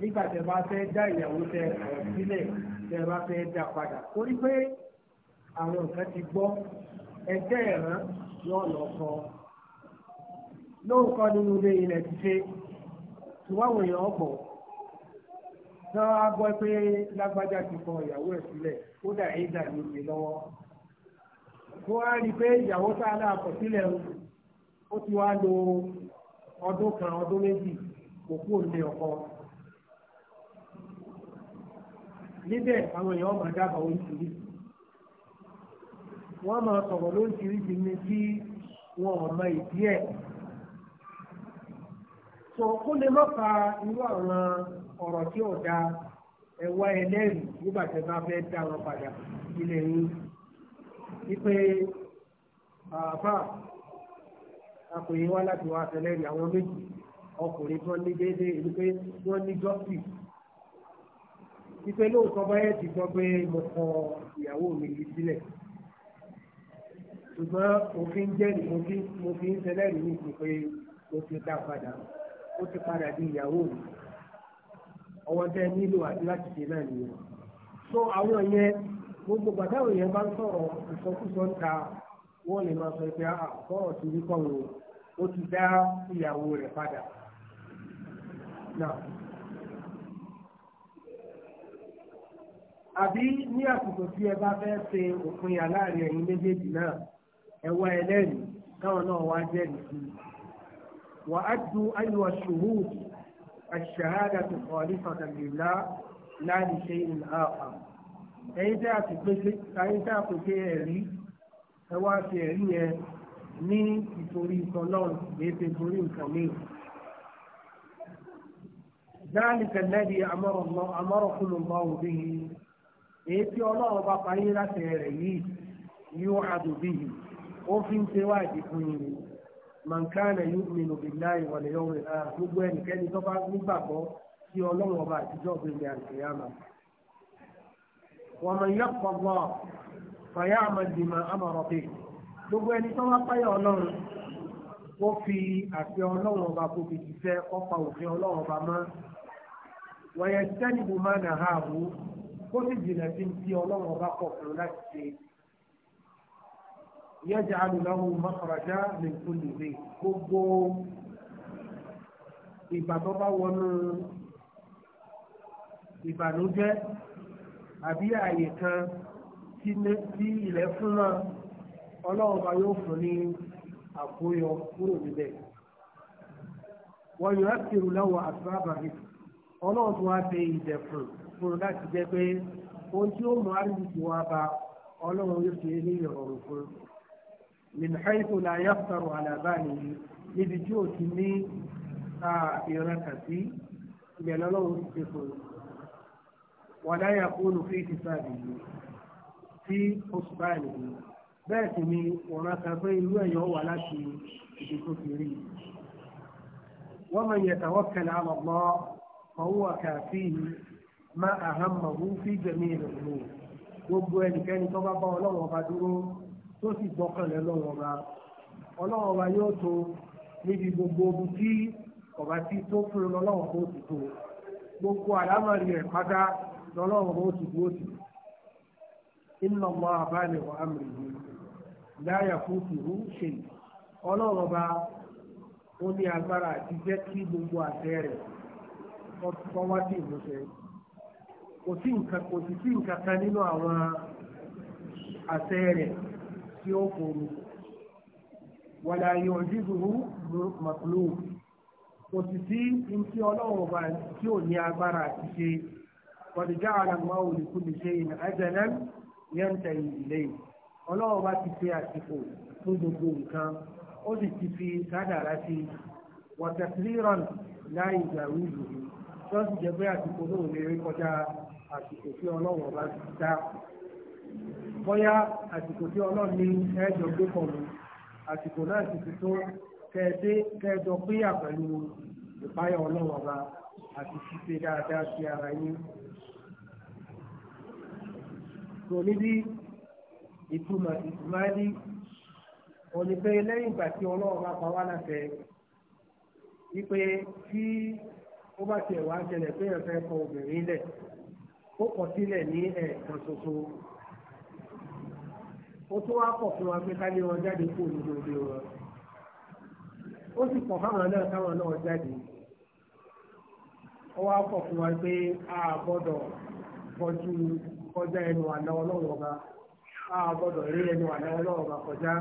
nígbà tẹ bá fẹ́ dá ìyàwó tẹ ọ̀ sílẹ̀ tẹ bá fẹ́ dá padà torí pé àwọn nǹkan ti gbọ́ ẹgbẹ́ ẹ̀ràn yóò lọ kọ́ lóòótọ́ nínú ilé ilẹ̀ ti ṣe ìwáwọ̀ èèyàn ọ̀pọ̀ tán á gbọ́ pé lágbájá kọ ìyàwó ẹ̀ sílẹ̀ ó dà ní ìlú lọ́wọ́ tó rí i pé ìyàwó tá a náà kọ̀ sílẹ̀ ó ti wá lo ọdún kan ọdún méjì kò kú òǹdè ọkọ níbẹ̀ àwọn èèyàn dábàá oríṣiríṣi wọ́n máa sọ̀rọ̀ lóríṣiríṣi ní kí so kó lè má fa irú àwọn ọ̀rọ̀ tí ò dáa ẹ̀wá ẹlẹ́rìí nígbà tí wọ́n fẹ́ dá wọn padà ilé yín wípé àbá àpòyé wá láti wá àtẹlẹ́rìí àwọn méjì ọkùnrin tó ní déédéé wípé wọ́n ní justice wípé lóòótọ́ báyẹ̀ ti gbọ́ pé mo kọ ìyàwó mi yìí sílẹ̀ ṣùgbọ́n òfin jẹ́rìí mo fi ń tẹlẹ́rìí ní ìpè mo ti dá padà ó ti padà di ìyàwó mi ọwọ́ tẹ nílò àti láti ṣe náà nìyẹn so àwọn yẹn gbogbo gbàdáwò yẹn bá ń sọ̀rọ̀ ìsọkúsọ ń ta wọ́n lè máa sọ pé àkọ́rọ̀ ah, ti rí kọ́wọ́ ó ti dá ìyàwó rẹ̀ padà. àbí ní àsìkò tí ẹ bá fẹ́ ṣe òpin aláàrin ẹ̀yin méjèèjì náà ẹ wá ẹlẹ́rìí káwọn náà wá jẹ́rìí sí i. وأدوا أيها الشهود الشهادة خالصة لله لا لشيء آخر ẹyin tá a ti pèsè ẹyin tá a pèsè ẹrí ẹ wá sí ẹrí yẹn ní ìtòrí nǹkan náà kìí ṣe torí nǹkan míì. ذلك الذي أمر الله أمركم الله به èyí tí ọlọ́run bá parí láti rẹ̀ yìí yóò adùn bíi ó fi ń ṣe wáàdì fún yín man kana yu'minu billahi wal yawmil akhir gbogbo ẹnikẹ́ni tó bá nígbàgbọ́ sí ọlọ́run ọba àtijọ́ ìgbìmọ̀ àlùkìyàmà. wa man yattaqillaha faya'mal bima amara bihi gbogbo ẹni tó bá páyà ọlọ́run ó fi àṣẹ ọlọ́run ọba kó fi jíṣẹ́ ọ̀pá òfin ọlọ́run ọba mọ́ wa yajtanibu ma nahahu kó sì jìnà sí ti ọlọ́run ọba kọ̀ fún láti ṣe yẹ́jàlù lọ́wọ́ mọ́kànlá ní kúlùbí gbogbo ìgbà tó bá wọnú ìbànújẹ́ àbí ààyè kan tí ilẹ̀ fún náà ọlọ́run bá yóò fún ní àkóyọ kúrò níbẹ̀. wọ́n yóò kírù lọ́wọ́ àtúrábà rí ọlọ́run tó wá ṣe ìdẹ̀kùn fún un láti jẹ́ pé ohun tí ó mọ àríwísí wa bá ọlọ́run yóò ṣe é ní ìrọ̀rùn fún un min haythu la yaftaru ala balihi níbi tí o ti ní ìrẹ́kà sí ìgbẹ̀lẹ́ ọlọ́run ti ṣe fún un wàlá yakunu fi ìtìsáàbì yìí tí oṣù báyìí nìyí bẹ́ẹ̀ sì ni ọ̀ràn kan pé irú ẹ̀yọ́ wà láti ìdí tó fi rí i wọ́n mọ̀ fi jẹ̀mí ìrẹ̀lú gbogbo ẹnikẹ́ni tó bá bá tó sì gbọ́kànlẹ̀ lọ́wọ́ ọba ọlọ́wọ́ ọba yóò tó níbi gbogbo ogun tí ọba tí tó fún un lọ́wọ́ ti tó gbogbo àlámọ̀rí ẹ̀ pátá lọ́wọ́ bó ti bó ti. iná mọ àbálẹ̀ wà á mìíràn láyà fún tìrú ṣe ọlọ́wọ́ ọba ó ní agbára àti jẹ́ kí gbogbo àtẹ rẹ̀ kọ́ wá sí ìmúṣẹ kò sí nǹkan tí ó kòrò wàlá yóò jíjùú màkúlù kò sì sí ntí ọlọ́run ọba tí ò ní agbára àti ṣe kọ̀dìjà àlàmọ́ olùkúlù ṣe ìnà ẹ̀jẹ̀lẹ́ yẹn tẹ̀ ìdílé ọlọ́run ọba ti ṣe àsìkò fún gbogbo nǹkan ó sì ti fi kádàrá sí wọ̀tẹ̀síríran láì ìgbàrú ìlú tí wọ́n sì jẹ́ pé àsìkò náà lè rí kọjá àsìkò tí ọlọ́run ọba ti dá bóyá àsìkò tí ọlọ́run ní ẹ̀jọ̀ gbé pọ̀ mọ́ àsìkò náà ti fi tó kẹ́ẹ̀dé kẹ́ẹ̀dọ̀ péyà pẹ̀lú ìpáyà ọlọ́run ọba àti ṣíṣe dáadáa sí ara yín. tó níbi ìtumọ̀ ìtùmáàlì onífẹ́ lẹ́yìn ìgbà tí ọlọ́run bá pa wá láfẹ́ wípé tí ó bá tiẹ̀ wá jẹlẹ̀ pé ẹ̀fẹ́ kọ obìnrin lẹ̀ ó kọ sílẹ̀ ní ẹ̀ẹ̀kan ṣoṣo. ó tún wá pọ̀ fún wa pé ká lé wọn jáde kó olùdóde wọn ó sì pọ̀ fáwọn náà káwọn náà jáde ó wá pọ̀ fún wa a gbọ́dọ̀ kọjú kọjá ẹnu àná ọlọ́run ọba a gbọ́dọ̀ rí ẹnu àná ọlọ́run ọba kọjá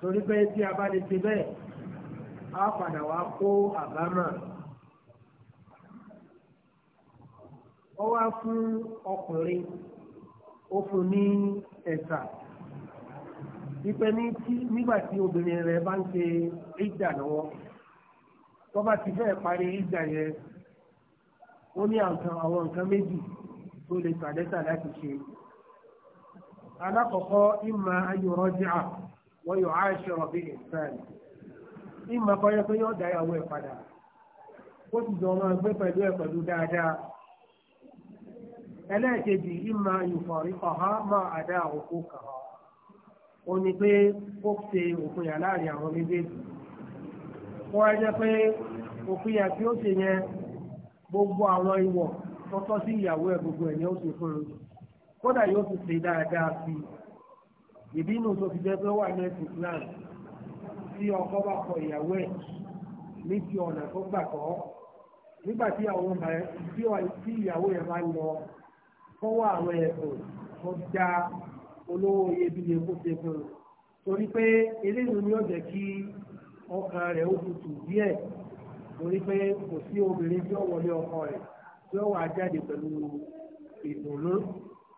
torí pé tí a bá lè ṣe bẹ́ẹ̀ a padà wá kó àbámà. wá ó fún ní ẹ̀sà wípé nígbà tí obìnrin rẹ̀ bá ń ṣe ìdà lọ́wọ́ tó bá ti fẹ́ parí ìdà yẹn ó ní àwọn nǹkan méjì tó lè tàdẹ́tà láti ṣe alákọ̀ọ́kọ́ ìmọ̀ ayọ̀rọ̀jà wọ́n yóò áṣọ̀rọ̀ bí ìsáàlì ìmọ̀ kọ́yọ́ pé dá ìyàwó ẹ̀ padà ó sì jọ ọmọ ẹgbẹ́ pẹ̀lú ẹ̀ pẹ̀lú dáadáa. ẹlẹ́ẹ̀kejì ìmọ̀ ìfọ̀rí ọ̀há máa àdá òkú kàn án ó ní pé ó ṣe òpin yà láàrin àwọn méjèèjì wọ́n á jẹ́ pé òpin yà tí ó ṣe yẹn gbogbo àwọn ìwọ̀ tó tọ́ sí ìyàwó ẹ̀ gbogbo ẹ̀ ni ó ṣe fún un kódà yóò ti ṣe dáadáa sí i ìbínú tó fi jẹ́ pé ó wà ní ẹ̀sìn Islam tí ọkọ bá kọ ìyàwó ẹ̀ ní ti ọ̀nà tó gbà kọ́ nígbà tí ìyàwó yẹn bá lọ fọwọ́ àwọn ẹ̀bùn tó já olówó iyebíye kó ṣe fún un torí pé eléyìí ni ó jẹ́ kí ọkàn rẹ̀ ó tutù díẹ̀ torí pé kò sí obìnrin tí ó wọlé ọkọ rẹ̀ tí ó wà jáde pẹ̀lú ìdùnnú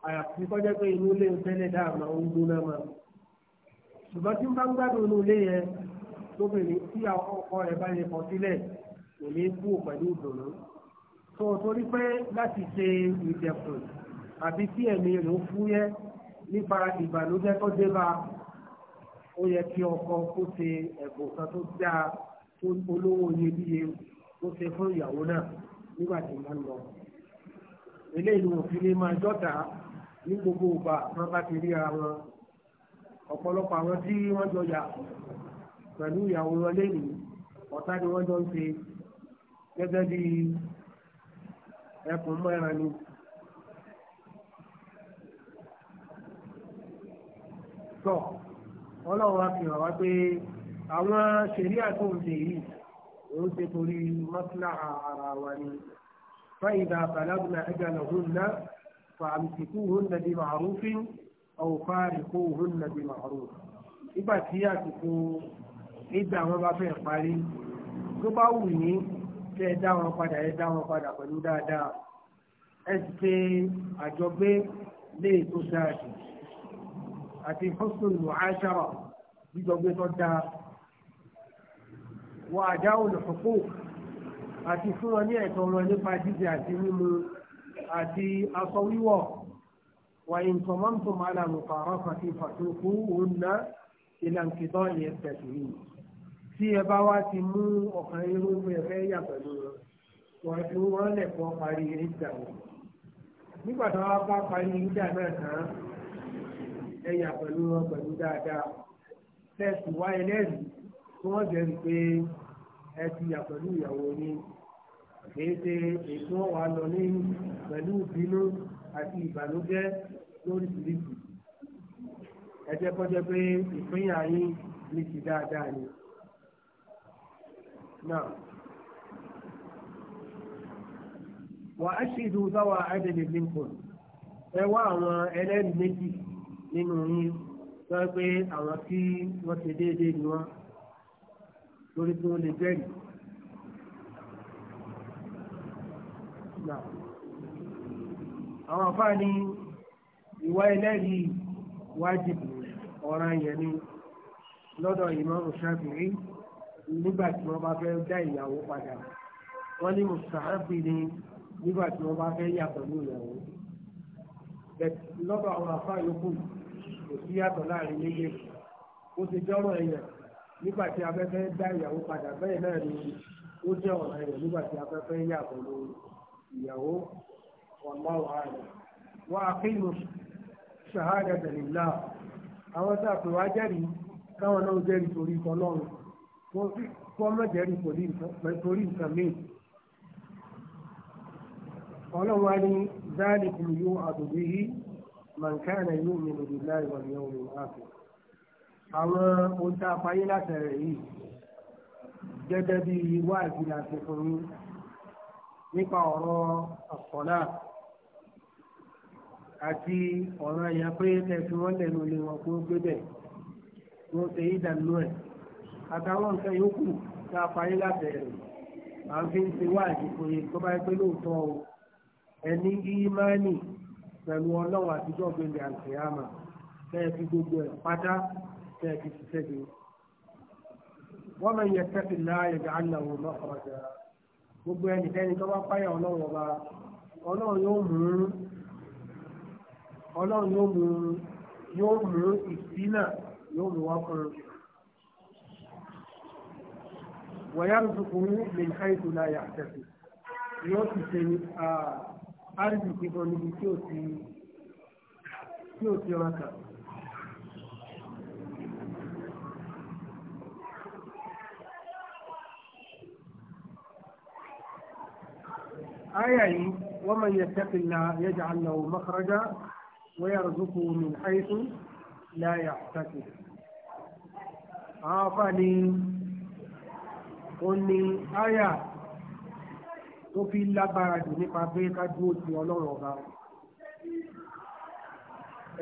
àyàfi kọjá pé inú ilé ń tẹ́lẹ̀ dáa máa ń gbóná máa ṣùgbọ́n tí ń bá ń gbádùn inú ilé yẹn lóbìnrin tí ọkọ rẹ̀ bá yẹ kọ sílẹ̀ kò ní kú pẹ̀lú ìdùnnú tó torí pé láti ṣe ìdẹ̀kùn àbí tí ẹ̀mí rẹ̀ ó fúyẹ́ nípa ìbànújẹ́ tó dé bá ó yẹ kí ọkọ kó ṣe ẹ̀bùn kan tó dáa tó olówó iyebíye kó ṣe fún ìyàwó náà nígbà tí wọ́n lọ. eléyìí òfin ni máa jọ́ta ní gbogbo ìgbà wọn bá ti ríra wọn ọ̀pọ̀lọpọ̀ àwọn tí wọ́n jọ yà pẹ̀lú ìyàwó wọn lẹ́yìn ọ̀tá ni wọ́n jọ ń ṣe gẹ́gẹ́ bí ẹkùn mọ́ ẹran ni. tọ̀ ọlọ́run wa fi hàn wá pé àwọn ṣẹ̀ríà tó ń ṣe yìí òun ṣe torí mọ́tíláhà ara wa ni fáyidà bàlágùnà ẹja lọ́hùn náà fàmìtìkú hùn nàbí màrúfin ọ̀fáàrìkú hùn nàbí màrúf. nígbà tí àsìkò ìgbà wọn bá fẹ́ parí tó bá wù ní kẹ́ ẹ dá wọn padà ẹ dá wọn padà pẹ̀lú dáadáa ẹ ti ṣe àjọgbé léètò dáadìí àti husnul mu'ashara gbígbọ́gbé tó dáa wà àdáwò lòkòkò àti fún wọn ní ẹ̀tọ́ wọn nípa jíjẹ àti mímu àti aṣọ wíwọ̀ wà ìǹkọ̀mọ́ntò màlàmù pààrọ̀ fàtí fàtúkú òun náà ìlànà kìtọ́ ìyẹn tẹ̀sí yìí tí ẹ bá wá ti mú ọ̀kan irúgbìn ẹ̀fẹ́ yà pẹ̀lú wọn fi wọ́n lẹ̀ parí ìdá wọn. nígbà tí wọ́n bá parí ìdá náà tán ẹ̀yà pẹ̀lú wọn pẹ̀lú dáadáa tẹ̀sí wá ẹlẹ́rìí tí wọ́n jẹ́rìí pé ẹ ti yà pẹ̀lú ìyàwó ni kìí ṣe ètò wà lọ ní pẹ̀lú ìbínú àti ìbànújẹ́ lóríṣiríṣi ẹ jẹ́ kọjá pé ìpínyà yín ní ti dáadáa ni. Wà á ṣèlú báwa Adèlè Lincoln. Ẹ wá àwọn ẹlẹ́rìí méjì nínú yín sọ pé àwọn tí wọ́n ṣe déédéé ni wọ́n lórí tí wọ́n lè jẹ́rìí. àwọn àfáà ní ìwà ẹlẹ́rìí wájibù ọ̀ràn yẹn ni lọ́dọ̀ ìmọ̀ òṣàbìrí nígbà tí wọ́n bá fẹ́ dá ìyàwó padà wọ́n ní mùsàábì ni nígbà tí wọ́n bá fẹ́ yà pẹ̀lú ìyàwó lọ́dọ̀ àwọn àfáà yòókù kò sí yàtọ̀ láàrin méjèèjì ó ti jọ́rọ̀ ẹ̀yàn nígbà tí afẹ́fẹ́ dá ìyàwó padà bẹ́ẹ̀ náà ni ó jẹ́ ọ̀rọ̀ ẹ̀yàn nígbà tí afẹ́fẹ́ yà pẹ̀lú ìyàwó ọ̀la wàhálà wọ́n akéwò ṣàhádà tẹ̀lélá àwọn tá a pè wá jẹ́rìí káwọn náà jẹ́rìí torí tọ́lọ́run kó má jẹ́rìí torí nǹkan míì ọlọ́run á ní dáàlì kùn yóò àdùnbí yìí. من كان yu'minu billahi wal yawmil akhir àwọn ohun tá a fayé látẹ̀rẹ̀ yìí gẹ́gẹ́ bí wáàbí la ti fún yín nípa ọ̀rọ̀ àkọ́lá àti ọ̀rọ̀ ẹ̀yà pé ẹ̀sìn wọn lẹ́nu lé wọn kó gbé bẹ̀ wọn ṣe yí ẹ̀ àtàwọn nǹkan yòókù tá a parí látẹ̀rẹ̀ à ń fi ń ṣe wáàdì fún tó bá yẹ pé lóòótọ́ ẹni ìmánì pẹ̀lú ọlọ́run àtijọ́ gbẹ̀lẹ̀ àlùfẹ́yàmà tẹ́ẹ̀ fi gbogbo ẹ̀ pátá tẹ́ẹ̀ fi ṣiṣẹ́ de. wọ́n mọ̀ yẹ tẹ́sí láàyè bí aláwo lọ́kọ̀ọ́jà gbogbo ẹnikẹ́ni tó bá páyà ọlọ́run ọba ọlọ́run yóò mú ọlọ́run yóò mú yóò mú ìsínà yóò mú wá fún un. wọ́n yára tuntun ní ìlú ìka ìtura yóò sì ṣe ah, arziki kan níbi tí ò ti tí ò ti raka. آية ومن يتق الله يجعل له مخرجا ويرزقه من حيث لا يحتسب عافني قل لي آية tó fi lágbára jù nípa pé ká dúró ti ọlọ́run ọba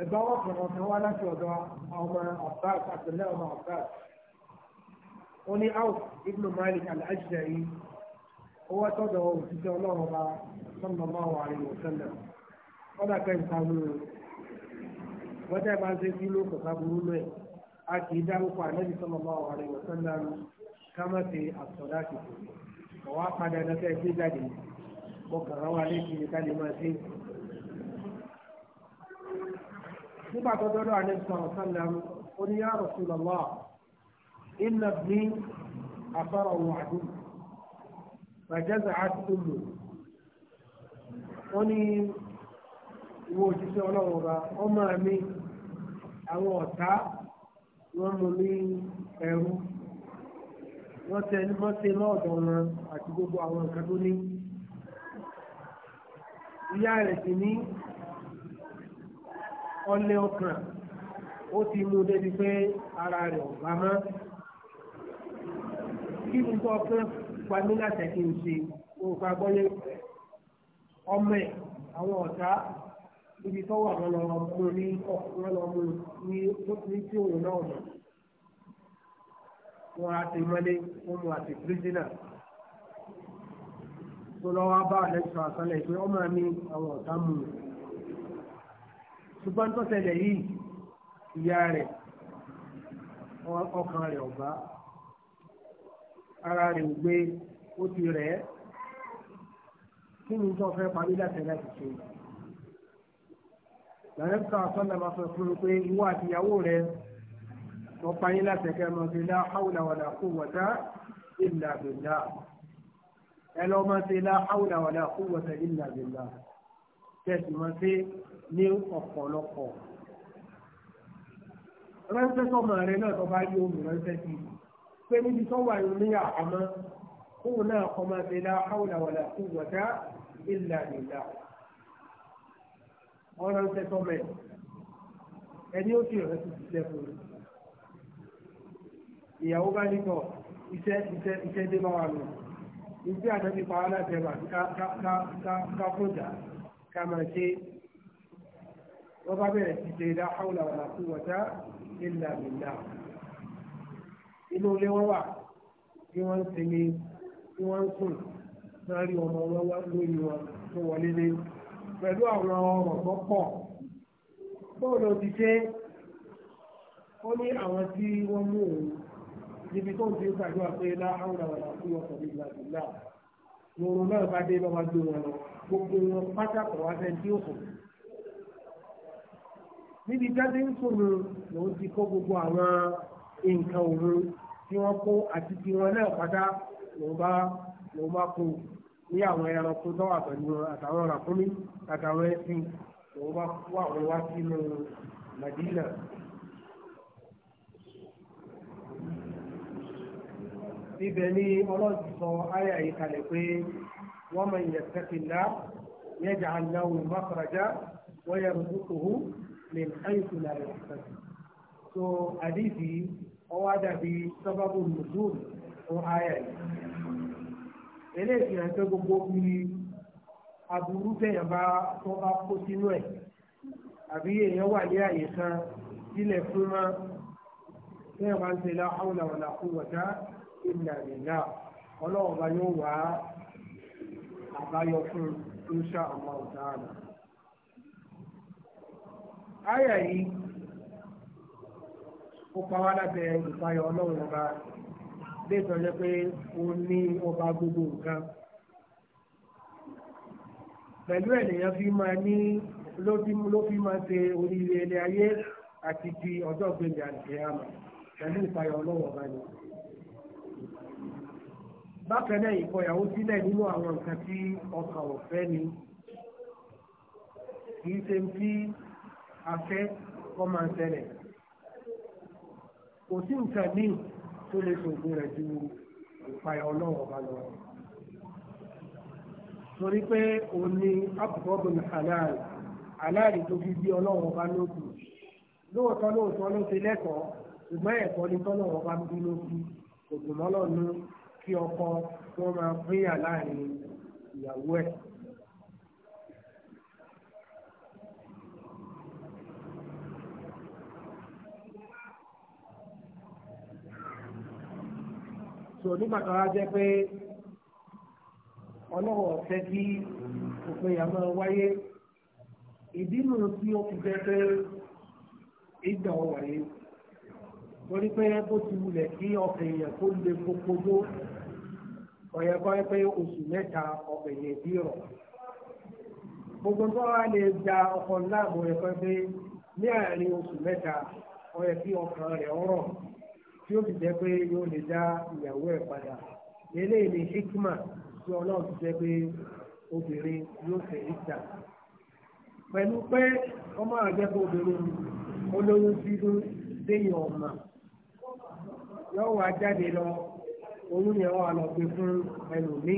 ẹ̀gbọ́n ọkùnrin ọ̀sán wá láti ọ̀dọ̀ ọmọ abbas àtẹlẹ́ ọmọ abbas ó ní áwù ibùdó malik aláṣẹ yìí ó wá tọ́jọ́ òṣìṣẹ́ ọlọ́run ọba sọ́nà máa wà ní òṣèlè ọ̀dà kẹta mú un wọ́tẹ́ bá ń ṣe sí ló kọ̀ọ̀ká burú lẹ̀ a kì í dárúkọ àlẹ́bí sọ́nà máa wà ní òṣèlè ká má ṣe àtọ̀dá kìkì ọ̀wá padà lọ́sẹ̀ gbé jáde mo kàn án wá létí ní káde máa ṣe. nígbà tó dọ́dọ̀ àlẹ́ sọ̀rọ̀ sálẹ̀ ó ní yàrá sùlọ̀ lọ́wọ́ iná bí afárá òun àdúgbò bàjẹ́sà á ti lò ó ní ìwọ òjíṣẹ́ ọlọ́run ọba ọmọ mi àwọn ọ̀tá wọn mú ní ẹrú wọ́n tẹ ẹni wọ́n tẹ lọ́ọ̀dọ̀ wọn àti gbogbo àwọn nǹkan tó ní. ìyá rẹ̀ sì ní ọlẹ́ ọkàn ó ti mú débi pé ara rẹ̀ ò bá mọ́. kí ni tó ọkàn pa mí láti kí n ṣe òǹkà gbọ́lé ọmọ ẹ̀ àwọn ọ̀tá ibi tó wà wọn lọ mú ní ọkùnrin lọ mú ní tí òun náà mọ̀. wọn á ti mọ́lé wọn àti pírísínà tó lọ́wọ́ bá lẹ́sọ̀ àsálẹ̀ pé ọmọ mi àwọn ọ̀tá mú ṣùgbọ́n tó ṣẹlẹ̀ yìí ìyá rẹ̀ ọkàn rẹ̀ ọ̀bá ara rẹ̀ ò gbé ó ti rẹ̀ ẹ́ kí ni tó fẹ́ parí láti láti ṣe máa fún pé ìwọ rẹ̀ wọ́n pa yín láti ẹ̀kẹ́ máa fi lá hawla wàlà kú wọ̀tá ìlà bìlá ẹ lọ́ máa fi lá hawla wàlà kú wọ̀tá ìlà bìlá tẹ̀sí máa fi ní ọ̀pọ̀lọpọ̀ ránṣẹ́ sọ́mọ rẹ náà tó bá yí omi ránṣẹ́ sí pé níbi tó wà ní àhámọ́ kóun náà kọ́ máa fi lá hawla kú wọ̀tá ìlà bìlá ọ̀rọ̀ ránṣẹ́ sọ́mọ ẹ̀ ẹni ó sì rẹ̀ sí ti ìyàwó bá ní kọ iṣẹ́ iṣẹ́ iṣẹ́ dé bá wà lọ ìgbé àtẹ́bí pa aláṣẹ wà ká fòjà ká máa ṣe wọ́n bá bẹ̀rẹ̀ sí ṣe dá hàwùlà wà láti wọ̀tá ìlà ìlà inú ilé wọn wà bí wọ́n ń sinmi bí wọ́n ń sùn náà rí ọmọ wọn lórí wọn tó wọlé lé pẹ̀lú àwọn ọ̀rọ̀ tó pọ̀ bọ́ọ̀lù ti ṣe ó ní àwọn tí wọ́n mú òun níbi tó ń ti gbàdúrà pé láhàúnà wà láti wọ́n sọ̀rọ̀ ìgbà ìgbà lòrùn náà bá dé lọ́wọ́ gbé wọn lọ gbogbo wọn pátákó wá fẹ́ tí ó sùn. níbi jáde ń sòrò lòun ti kó gbogbo àwọn nǹkan òru tí wọ́n kó àti tí wọ́n náà pátá lòun bá lòun bá kó ní àwọn ẹranko tó pẹ̀lú àtàwọn ràkúnmí àtàwọn ẹṣin lòun bá kó àwọn wá sínú màdínà. ibẹ̀ ni ọlọ́run sọ ayà yìí kalẹ̀ pé wọ́n mọ̀ ìyẹn tẹ́kìlá yẹ́jà aláwo máfàrájá wọ́n yẹ rúdúkúhù lè ṣáyìkú lára ìṣẹ́jú. so àdìsí ọwọ́ dàbí sábàbù nùdùn fún ayà yìí. eléyìí fi hàn gbogbo bí aburú tẹ̀yàn bá tó bá kó sínú ẹ̀ àbí èèyàn wà ní àyè kan sílẹ̀ fún mọ́ tẹ̀yàn bá ń ṣe láwọn àwọn àkúwọ̀ta ìlà ìlà ọlọ́run bá yóò wá àbáyọ fún insha Allah ta'ala. Àyà yìí ó pa wá lábẹ́ ìfàyọ̀ ọlọ́run ọba bí ìtọ́jú pé ó ní ọba gbogbo nǹkan. Pẹ̀lú ènìyàn fi máa ní ló fi máa ṣe oríire ilé ayé àti ti ọjọ́ gbèjà ìṣẹ́ àmọ́ pẹ̀lú ìfàyọ̀ ọlọ́run ọba ni bákan náà ìkọyàwó sílẹ̀ nínú àwọn nǹkan tí ọkàn ọ̀fẹ́ ni kìí ṣe ń fi afẹ́ kọ́ máa ń ṣẹlẹ̀ kò sí nǹkan míì tó lè ṣògùn rẹ̀ ju ìpayà ọlọ́run ọba lọ torí pé òun ni abdulbọ́bùn halal halal tó fi bí ọlọ́run ọba lókun lóòótọ́ lóòótọ́ ló ti lẹ́kọ̀ọ́ ṣùgbọ́n ẹ̀kọ́ ni tọ́lọ́run ọba ń bí lókun kò dùn mọ́ kí ọkọ tó máa pínyà láàrin ìyàwó ẹ̀. sọ nígbà tó wá jẹ́ pé ọlọ́wọ́ ọ̀fẹ́ kí òpin ìyàwó wáyé ìdí nù tí ó fi jẹ́ pé ìgbà ọ̀wà yìí torí pé bó ti wulẹ̀ kí ọkàn èèyàn tó le koko tó ọ̀yẹ́ kọ́ pé oṣù mẹ́ta ọkàn èèyàn bí rọ̀ gbogbo tó wà lè da ọkọ̀ láàmú ẹ̀ kọ́ pé ní àárín oṣù mẹ́ta ọ̀yẹ́ kí ọkàn rẹ̀ ọ̀rọ̀ tí ó fi jẹ́ pé yóò lè dá ìyàwó ẹ̀ padà eléyìí ni hikma tí ọlọ́run ti jẹ́ pé obìnrin yóò fẹ́ ìta pẹ̀lú pé ọmọ àjẹpọ̀ obìnrin olóyún sínú déyìn ọ̀mà yóò wá jáde lọ oyún yẹn wà lọ gbé fún ẹlòmíì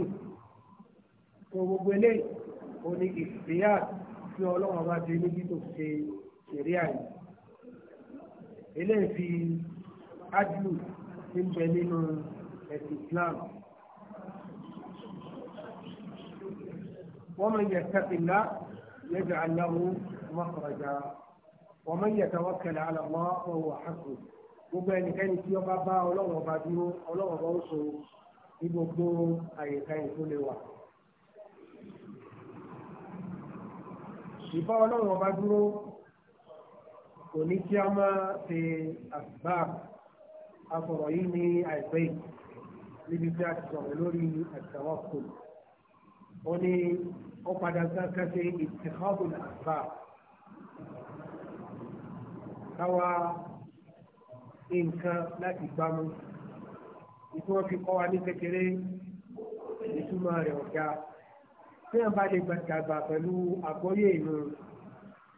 tó gbogbo eléyìí ó ní ìfìyà tí ọlọ́wọ́n bá ti níbi tó ṣe ṣeré àyè eléyìí fi ájúlù ti ń bẹ nínú ẹ̀sìn islam. ومن يتق الله يجعل له مخرجا ومن يتوكل على الله فهو حسبه gbogbo ẹnikẹ́ni tí ọba bá ọlọ́wọ́n ọba dúró ọlọ́wọ́n ọba ó so ní gbogbo àyíká yìí tó lè wà. ìbá ọlọ́wọ́n ọba dúró kò ní kí a máa ṣe àgbà afọ̀rọ̀ yìí ní àìpẹ́ yìí níbi tí a ti sọ̀rọ̀ lórí àtàwọn kò ó ní ó padà sákàtì ìtìkọ́bùn àgbà káwa nǹkan láti gbámú ìtumọ̀ fi kọ́ wa ní kékeré ìtumọ̀ rẹ̀ ọ̀gá tí wọ́n bá lè gbàgbà pẹ̀lú àgbọ́yé ìlú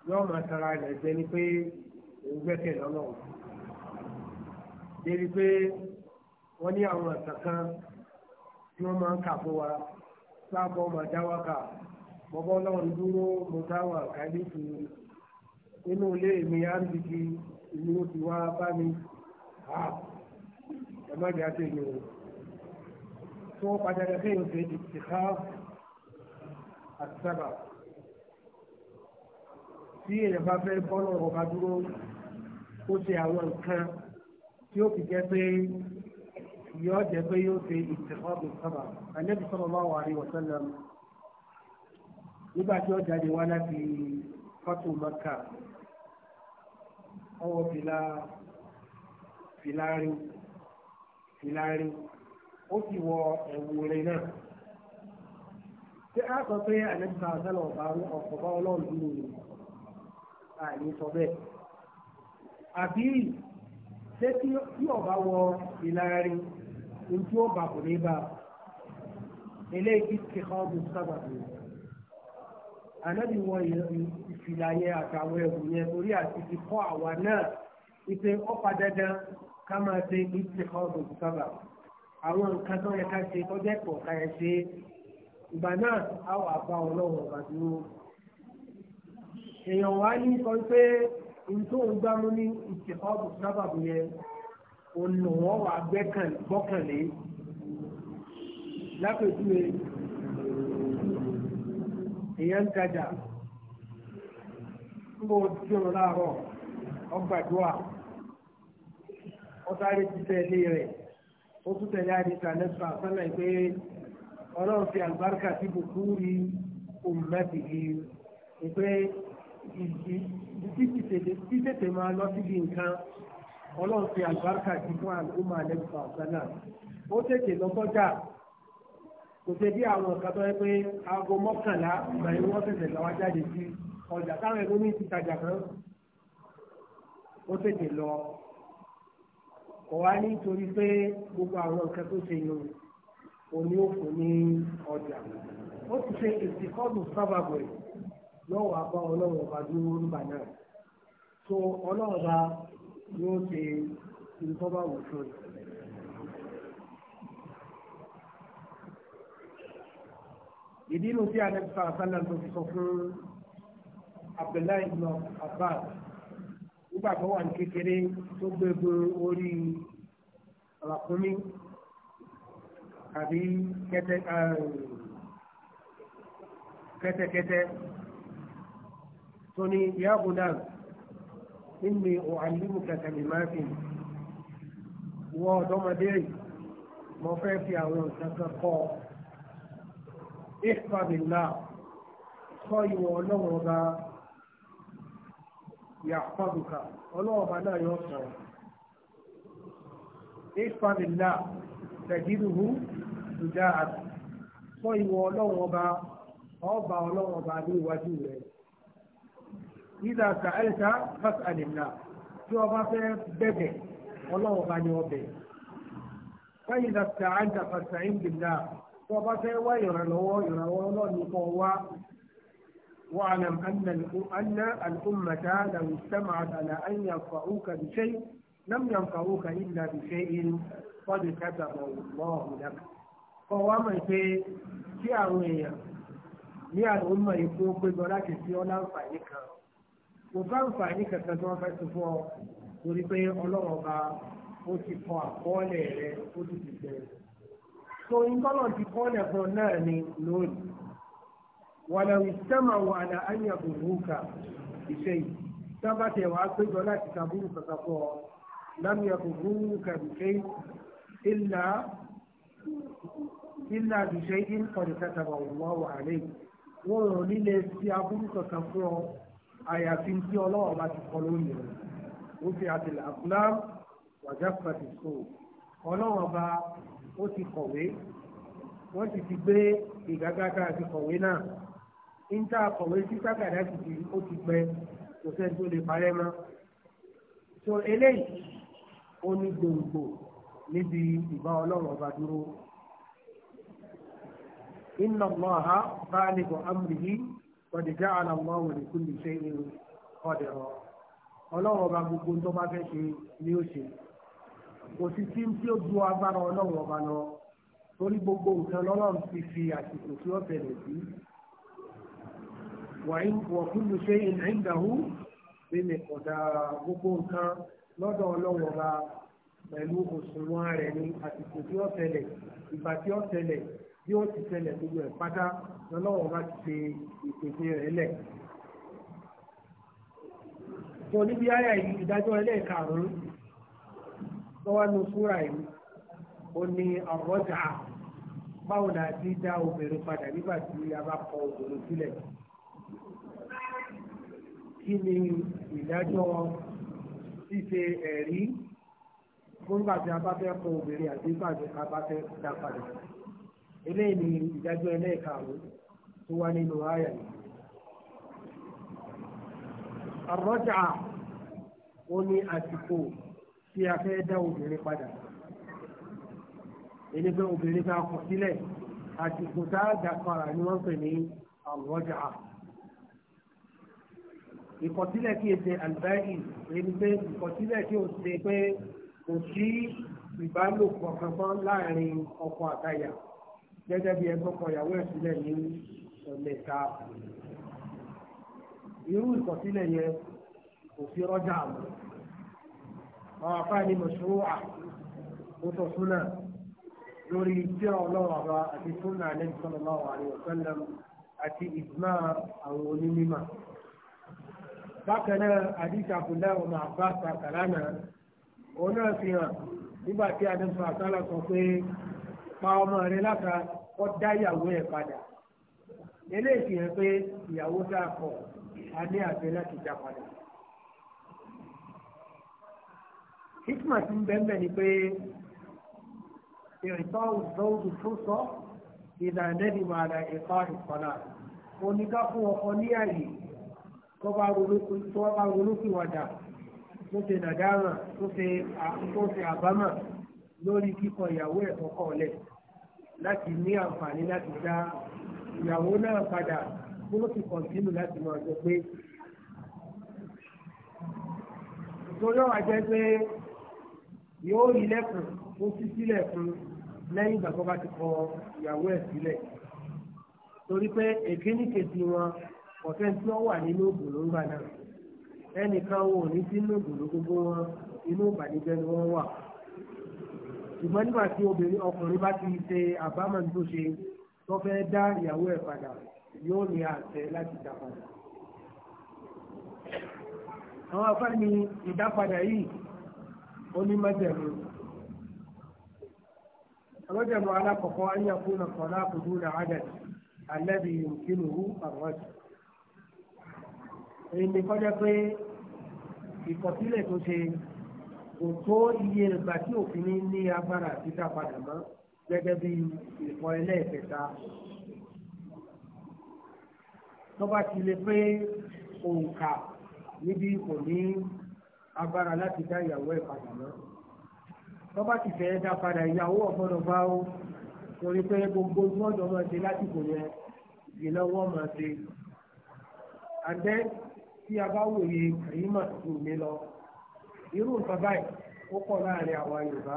yóò máa tara rẹ̀ jẹ́ ni pé òun gbẹ́kẹ̀ lọ́nà òun. débi pé wọ́n ní àwọn àtàn kan tí wọ́n máa ń kà fún wa sáàbọ̀ máa dá wákà mọ́bọ́ lọ́run dúró mo táwọn inú ilé mi á ń bìkì ìlú ti wá bá mi Ah. ẹ má jẹ́ àti èyí o tí wọ́n padà rẹ̀ kéèyàn ṣe ìtìká àti sábà tí èèyàn bá fẹ́ bọ́lọ̀ ọba dúró ó ṣe àwọn nǹkan tí ó fi jẹ́ pé yóò jẹ́ pé yóò ṣe ìtìká àti sábà àlẹ́ bí bá wà ní wọ́sán nígbà tí ó jáde wá láti fọ́tò mọ́kà ọwọ́ fìlà filarin filarin ó sì wọ ẹ̀wù rẹ̀ náà tí a sọ pé àlẹ́bùsà sẹ́lẹ̀ ọ̀bá ọ̀pọ̀bá ọlọ́run dúró ni àìní sọ bẹ́ẹ̀ àbí ṣé tí ọba wọ ìlarin ojú ọba kò ní bá eléyìí ti kọ́ ọdún sábà ní wọ ìfìlà yẹn àtàwọn ẹ̀wù yẹn torí àti ti kọ́ àwa náà ìpè ọ̀pá dandan ká máa ṣe ìtìkọ́ọ̀bù sábà àwọn nǹkan tó yẹ ká ṣe tọ́jú ẹ̀pọ̀ ká yẹ ṣe ìgbà náà á wà bá ọlọ́run ọ̀gá dúró. èèyàn wá ní sọ pé nǹkan òun gbámú ní ìtìkọ́ọ̀bù sábà yẹn ònà wọn wà gbọ́kànlé lápẹ̀júwe èèyàn ń tajà ń bọ̀ ojú ọ̀rọ̀ láàárọ̀ ọgbàdúrà ó sáré ti tẹ̀lé rẹ̀ ó tún tẹ̀lé àdìsá lẹ́sùn àfẹ́lẹ́ pé ọlọ́run fi àlùbáríkà sí bùkú rí òmùmẹ́bì yìí pé títètè máa lọ síbi nǹkan ọlọ́run fi àlùbáríkà sí fún àlùmọ́ àlẹ́sùn àfẹ́lẹ́ ó tètè lọ́kọ́jà kò ṣe bí àwọn nǹkan tó yẹ pé aago mọ́kànlá ìgbà yìí wọ́n tẹ̀sẹ̀ lọ́wọ́ jáde sí ọjà táwọn ẹgbẹ́ mi ti tajà kan ó tètè lọ kò wá nítorí pé gbogbo àwọn nǹkan tó ṣe yòó òní òfò ní ọjà ó ti ṣe ìsìnkọ́dù sábàbù ẹ̀ lọ́wọ́ àbá ọlọ́run ọba dúró nígbà náà so ọlọ́run ọba yóò ṣe ìtọ́ba òfin. ìdí inú tí a lè tó fi sọ fún abdullahi ibn abbas nígbà tó wà ní kékeré tó gbégun orí ràkúnmí àbí kẹ́tẹ́kẹ́tẹ́ tó ní yàgùdà nínú ọ̀hánlímù kẹtẹ̀lì máfìn wọ ọ̀dọ́mọdé mo fẹ́ fi àwọn nǹkan kan kọ́ ìfàbìlà sọ ìwọ̀ ọlọ́run ọba. yàtọ̀dùkà ọlọ́ọ̀bá náà yóò sọ ìfàmìlà tẹ̀gídùhù ìjà àti sọ ìwọ ọlọ́wọ́n ọba ọba ọlọ́wọ́n ọba ní iwájú rẹ̀ ìdá sàẹ́ta fásitàlélà tí ọba fẹ́ bẹ̀bẹ̀ ọlọ́wọ́n ọba ní ọbẹ̀ fẹ́yìn dàtà àjà fásitàlélà tí ọba fẹ́ wá ìrànlọ́wọ́ ìrànlọ́wọ́ náà ní kọ́ wá واعلم أن أن الأمة لو اجتمعت على أن ينفعوك بشيء لم ينفعوك إلا بشيء قد كتبه الله لك فهو ما يقول kí àwọn èèyàn ní àwọn ọmọ ìkó péjọ láti fi ọ láǹfààní kan kò bá àǹfààní kankan tí wọ́n fẹ́ ti fún ọ torí pé ọlọ́run ọba ó ti kọ àkọọ́lẹ̀ rẹ ó ti ti bẹ̀rẹ̀. so ìkọlọ̀ ti kọ́lẹ̀ fún ọ náà ni lónìí wàlẹ̀ ìsẹ́mà wà ní àyà bùrúkà ìṣe yìí sábà tẹ̀ wá péjọ láti sàbúrú kankan fún ọ lámìà bùrúkà ìṣe ìlà ìlà ìṣe ìkọ̀dì kàtàkà wà wà lé wọn rò nílé sí abúrú kankan fún ọ àyàfi tí ọlọ́wọ́ bá ti kọ́ lónìí rẹ̀ ó fi àtìlẹ̀ àkúlám wàjá pàtì so ọlọ́wọ́ bá ó ti kọ̀wé wọ́n ti ti gbé ìgágágá àti kọ̀wé náà ń tá a kọ̀wé sí sákàdá sì ti ó ti pẹ́ kò sẹ́ni tó lè parẹ́ mọ́. so eléyìí ó ní gbòǹgbò níbi ìbá ọlọ́run ọba dúró. إن الله بالغ أمره قد جعل الله لكل شيء قدرا ọlọ́run ọba gbogbo tó bá fẹ́ ṣe ni ó ṣe kò sí tí tí ó ju agbára ọlọ́run ọba lọ torí gbogbo nǹkan lọ́lọ́run ti fi àsìkò tí ó tẹ̀lé sí وكل شيء عنده بمقدار gbogbo nǹkan lọ́dọ̀ ọlọ́wọ́ bá pẹ̀lú òṣùwọ̀n rẹ̀ ní àsìkò tí ó tẹ̀lẹ̀ ìgbà tí ó tẹ̀lẹ̀ bí ó ti tẹ̀lẹ̀ gbogbo ẹ̀ pátá lọ́wọ́ bá ti ṣe ìpèsè rẹ̀ lẹ̀. tó níbi ayà yìí ìdájọ́ ẹlẹ́ẹ̀karùn-ún tó wá nu súra yìí ó ní ọ̀rọ̀ dà báwo la ti dá obìnrin padà nígbà tí a bá kọ obìnrin sílẹ̀ kí ni ìdájọ́ ṣíṣe ẹ̀rí fúngbà tí a bá fẹ́ kọ obìnrin àti nígbà tí a bá fẹ́ dá padà eléyìí ni ìdájọ́ ẹlẹ́ẹ̀karùn-ún tó wá nínú àyà yìí. àrọ́jà ó ní àsìkò tí a fẹ́ dá obìnrin padà èyí pé obìnrin bá kọ sílẹ̀ àsìkò tá a dá padà ni wọ́n pè ní àrọ́jà ìkọsílẹ̀ kí ẹ ṣe àlùbáyì ẹni pé ìkọsílẹ̀ kí o ṣe pé kò sí ìbálòpọ̀ kankan láàrin ọkọ àtàyà gẹ́gẹ́ bí ẹgbẹ́ ọkọ̀yàwó ẹ̀ sílẹ̀ ní ọ̀mẹ̀ta. irú ìkọsílẹ̀ yẹn kò fi rọ́jà àmọ́ àwọn afáàní mọ̀ṣúrù à sọ súnà lórí tí ọlọ́run àbá àti súnà alẹ́ ìsọ̀lọ́lá àwọn àríwọ̀ sẹ́lẹ̀m àti ìgbìmọ̀ àwọn onímọ̀ bákan náà àdìsí àbúlá ọmọ àbá sàkàlà náà òun náà fi hàn nígbà tí adéṣọ àtàlà sọ pé pa ọmọ rẹ láta kọ́ dá ìyàwó ẹ̀ padà eléyìí fi hàn pé ìyàwó tá a kọ̀ a ní àbẹ láti já padà. hikma ti ń bẹ́ẹ̀ ni pé ìrìntọ́ òzòwò fún sọ ìdánẹ́bí màdà ìkọ́ ìkọ́lá oníkà ọkọ ní àyè tó bá ronúkúwàdà tó ṣe nàdáàmà tó ṣe àbámà lórí kíkọ ìyàwó ẹ̀ kọ́kọ́ lẹ̀ láti ní àǹfààní láti dá ìyàwó náà padà tó ló ti kọ̀ǹtínú láti máa jọ pé. torí ọ̀wà jẹ́ pé yóò rí lẹ́kùn tó sí sílẹ̀ fún lẹ́yìn ìgbà tó bá ti kọ ìyàwó ẹ̀ sílẹ̀ torí pé èkéńìkejì wọn ọ̀tẹ́ tí wọ́n wà nínú òbòló ń gbà náà ẹnìkan wọn ò ní sí inú òbòló gbogbo wọn inú ìbànújẹ́ ni wọ́n wà ṣùgbọ́n nígbà tí obìnrin ọkùnrin bá ti ṣe àbámọ̀ tó ṣe tó fẹ́ dá ìyàwó ẹ̀ padà yóò ní àṣẹ láti dá padà àwọn afá ìdápadà yìí onímọ̀jẹ̀mú ọlọ́jẹ̀mú alákọ̀ọ́kọ́ ayé àkúnà kọ̀ọ̀lá àkùdúnà àdàdì alẹ́bí yòókìlúhu àrọ́jù ẹni kọjá pé ìkọsílẹ̀ tó ṣe kò tó iye ìgbà tí òfin ní ní agbára àti dá padà mọ́ gẹ́gẹ́ bí ìfọ ẹlẹ́ẹ̀kẹta. tó bá ti lè pé òǹkà níbi kò ní agbára láti dá ìyàwó ẹ̀ padà mọ́. tó bá ti fẹ́ dá padà ìyàwó ọ̀gbọ́dọ̀ bá ó torí pé gbogbo gbọ́dọ̀ máa ṣe lásìkò yẹn ìlọ́wọ́ máa ṣe. àdẹ́ tí a bá wòye kàyímà ju mi lọ irú nǹkan báyìí ó pọ̀ láàrin àwa yorùbá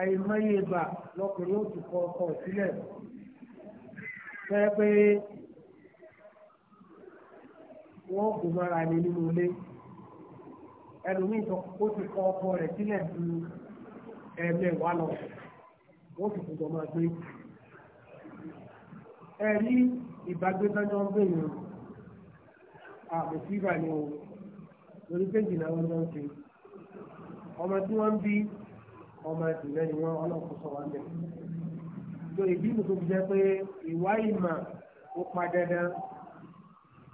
àìmọye ìgbà lọkùnrin ó ti kọ ọkọ sílẹ̀ fẹ́ wọ́n kò mara ni nínú ilé ẹlòmíì tó ó ti kọ ọkọ rẹ̀ sílẹ̀ ju lọ wọ́n sì máa gbé àmùsíbà ah, ni o lórí pé jìnnà wọn lọ ṣe ọmọ tí wọn bí ọmọ ìdílé ni wọn ọlọ́kùn sọ wọn bẹ̀. tó ìdí mi tó fi jẹ́ pé ìwá ìmọ̀ ó pa dandan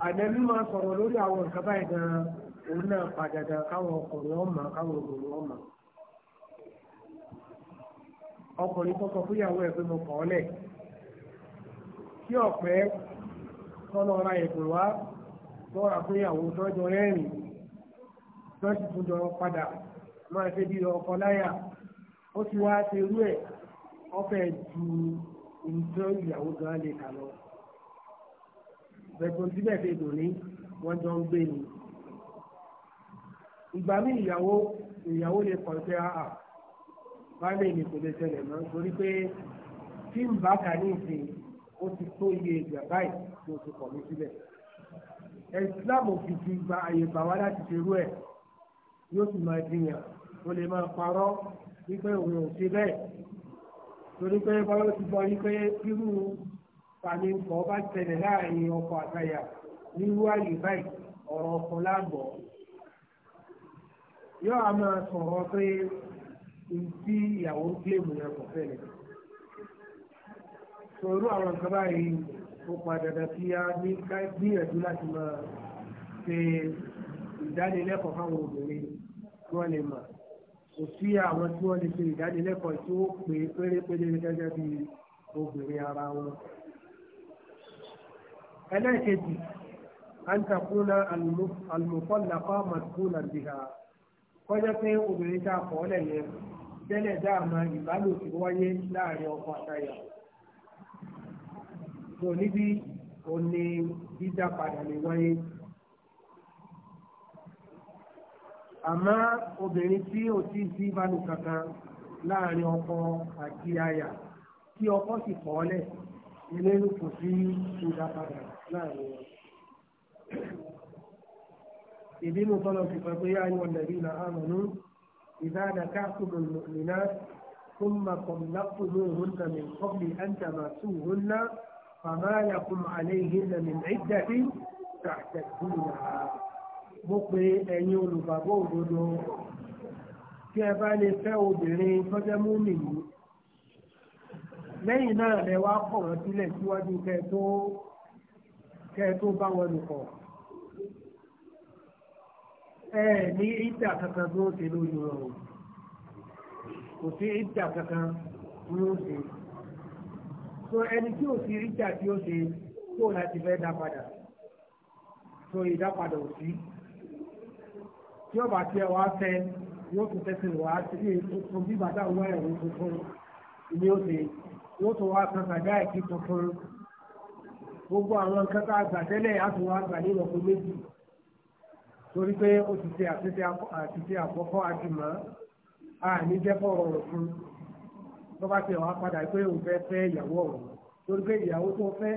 àdẹ́bí máa sọ̀rọ̀ lórí àwọn nǹkan báyìí gan òun náà pa dandan káwọn ọkùnrin ọmọ káwọn obìnrin ọmọ. ọkùnrin fúyàwó pé mo ọ lọ́wọ́ àgbéyàwó lọ́jọ́ rẹ́rìn lọ́sì tún jọ padà máa ṣe bí ọkọ láyà ó ti wá ṣe irú ẹ̀ ọfẹ́ ju ìjọ ìyàwó gan lè kà lọ. bẹ̀gbọ́n síbẹ̀ ṣe dùn ní wọ́n jọ ń gbé ni. ìgbà mí ìyàwó ìyàwó lè kàn ṣe àhà báyìí ni kò lè ṣẹlẹ̀ mọ́ torí pé tí ń bá kà ní ìsìn ó ti tó iye ìgbà báyìí ló ti kọ̀ mí síbẹ̀ islam ò fi ti gba àyè gbà wá láti ṣerú ẹ̀ yóò sì máa jiyàn o lè máa parọ́ wípé òun ò ṣe bẹ́ẹ̀ torí pé báwo ti gbọ́ wípé irú tàbí nǹkan bá tẹ̀lé láàrin ọkọ̀ àtàyà nírú àyè báyìí ọ̀rọ̀ ọkọ̀ láàbọ̀ yóò á máa sọ̀rọ̀ pé ntí ìyàwó kílèmù yẹn kò fẹ́ lẹ̀ àwọn nǹkan báyìí ó pa dandan kí á ní gbìyànjú láti máa ṣe ìdánilẹ́kọ̀ọ́ fáwọn obìnrin tí wọ́n lè mọ̀ kò sí àwọn tí wọ́n lè ṣe ìdánilẹ́kọ̀ọ́ tí ó pè é pérépéré gẹ́gẹ́ bí obìnrin ara wọn. ẹlẹ́ẹ̀kejì à ń takúnná àlùmọ́fọ́lápá màtúnà bìhà kọjá pé obìnrin tá a kọ́ ọ́ lẹ̀ tẹ́lẹ̀ dáàmà ìbálòpọ̀ wáyé láàrin ọkọ àtàyà tó níbi òní dídá padà lè wáyé. àmọ́ obìnrin tí ò tí sí ìbánu kankan láàrin ọkọ àti aya tí ọkọ sì kọ́ ọ́ lẹ̀ eléyìí kò sí ìdá padà láàrin wọn. ìbínú tọ́lọ̀ ti pẹ́ pé yá ayọ̀ nàbí nà ámọ̀nú ìdáàdà káàkùnmù mìíràn ثم طلقتموهن من قبل أن تمسوهن فما لكم عليهن من عدة تعتدونها mo pe ẹ̀yin olùgbàgbọ́ òdodo tí ẹ bá lè fẹ́ obìnrin tọ́jẹ́ mú nìyí lẹ́yìn náà lẹ wá kọ̀ wọ́n sílẹ̀ síwájú kẹ tó kẹ tó bá wọn nìkọ̀ ẹ ní ìdà kankan tó ṣe lórí wọn o kò sí ìdà kankan tó ṣe. so ẹni tí ò sí ríjà tí ó ṣe kó láti fẹ́ dá so ìdá ò sí tí ó bá tiẹ̀ wá fẹ́ yóò tún tẹ́sí wá sí tuntun bí bàtà wá ẹ̀rọ tuntun ni ó ṣe yóò tún wá san sàgá ẹ̀kí tuntun gbogbo àwọn nǹkan a gbà tẹ́lẹ̀ méjì torí pé ó ti ṣe àtúnṣe àti a ní fún un. tó bá ti wàá padà pé òun fẹ́ fẹ́ ìyàwó ọ̀hún torí pé ìyàwó tó fẹ́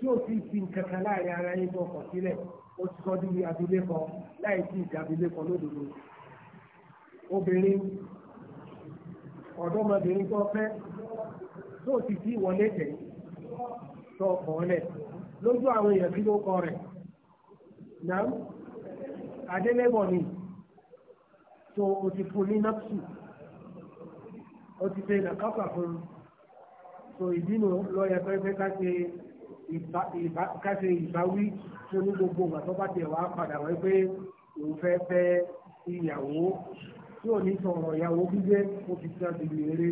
tí ò sì fi nǹkan kan láàrin ara yín tó kọ̀ sílẹ̀ ó ti sọ di abilékọ láì sí ìjà abilékọ lódodo obìnrin ọ̀dọ́mọbìnrin tó fẹ́ tó ti fi wọlé tẹ̀ tó ọkọ̀ ọ̀lẹ̀ lójú àwọn èèyàn kí ló kọ rẹ̀ náà adélẹ́wọ̀ ni tó o ti fún ní nápsù ó ti ṣe ìdàkápà fún so ìdínà lọ́yẹ pẹ́pẹ́ ká ṣe ìbáwí tó ní gbogbo ìgbà tó bá tẹ̀ wá padà wọ́n pé òun fẹ́ fẹ́ ìyàwó tí ò ní sọ̀rọ̀ ìyàwó gbígbé ó fi ṣe àdìgbì eré.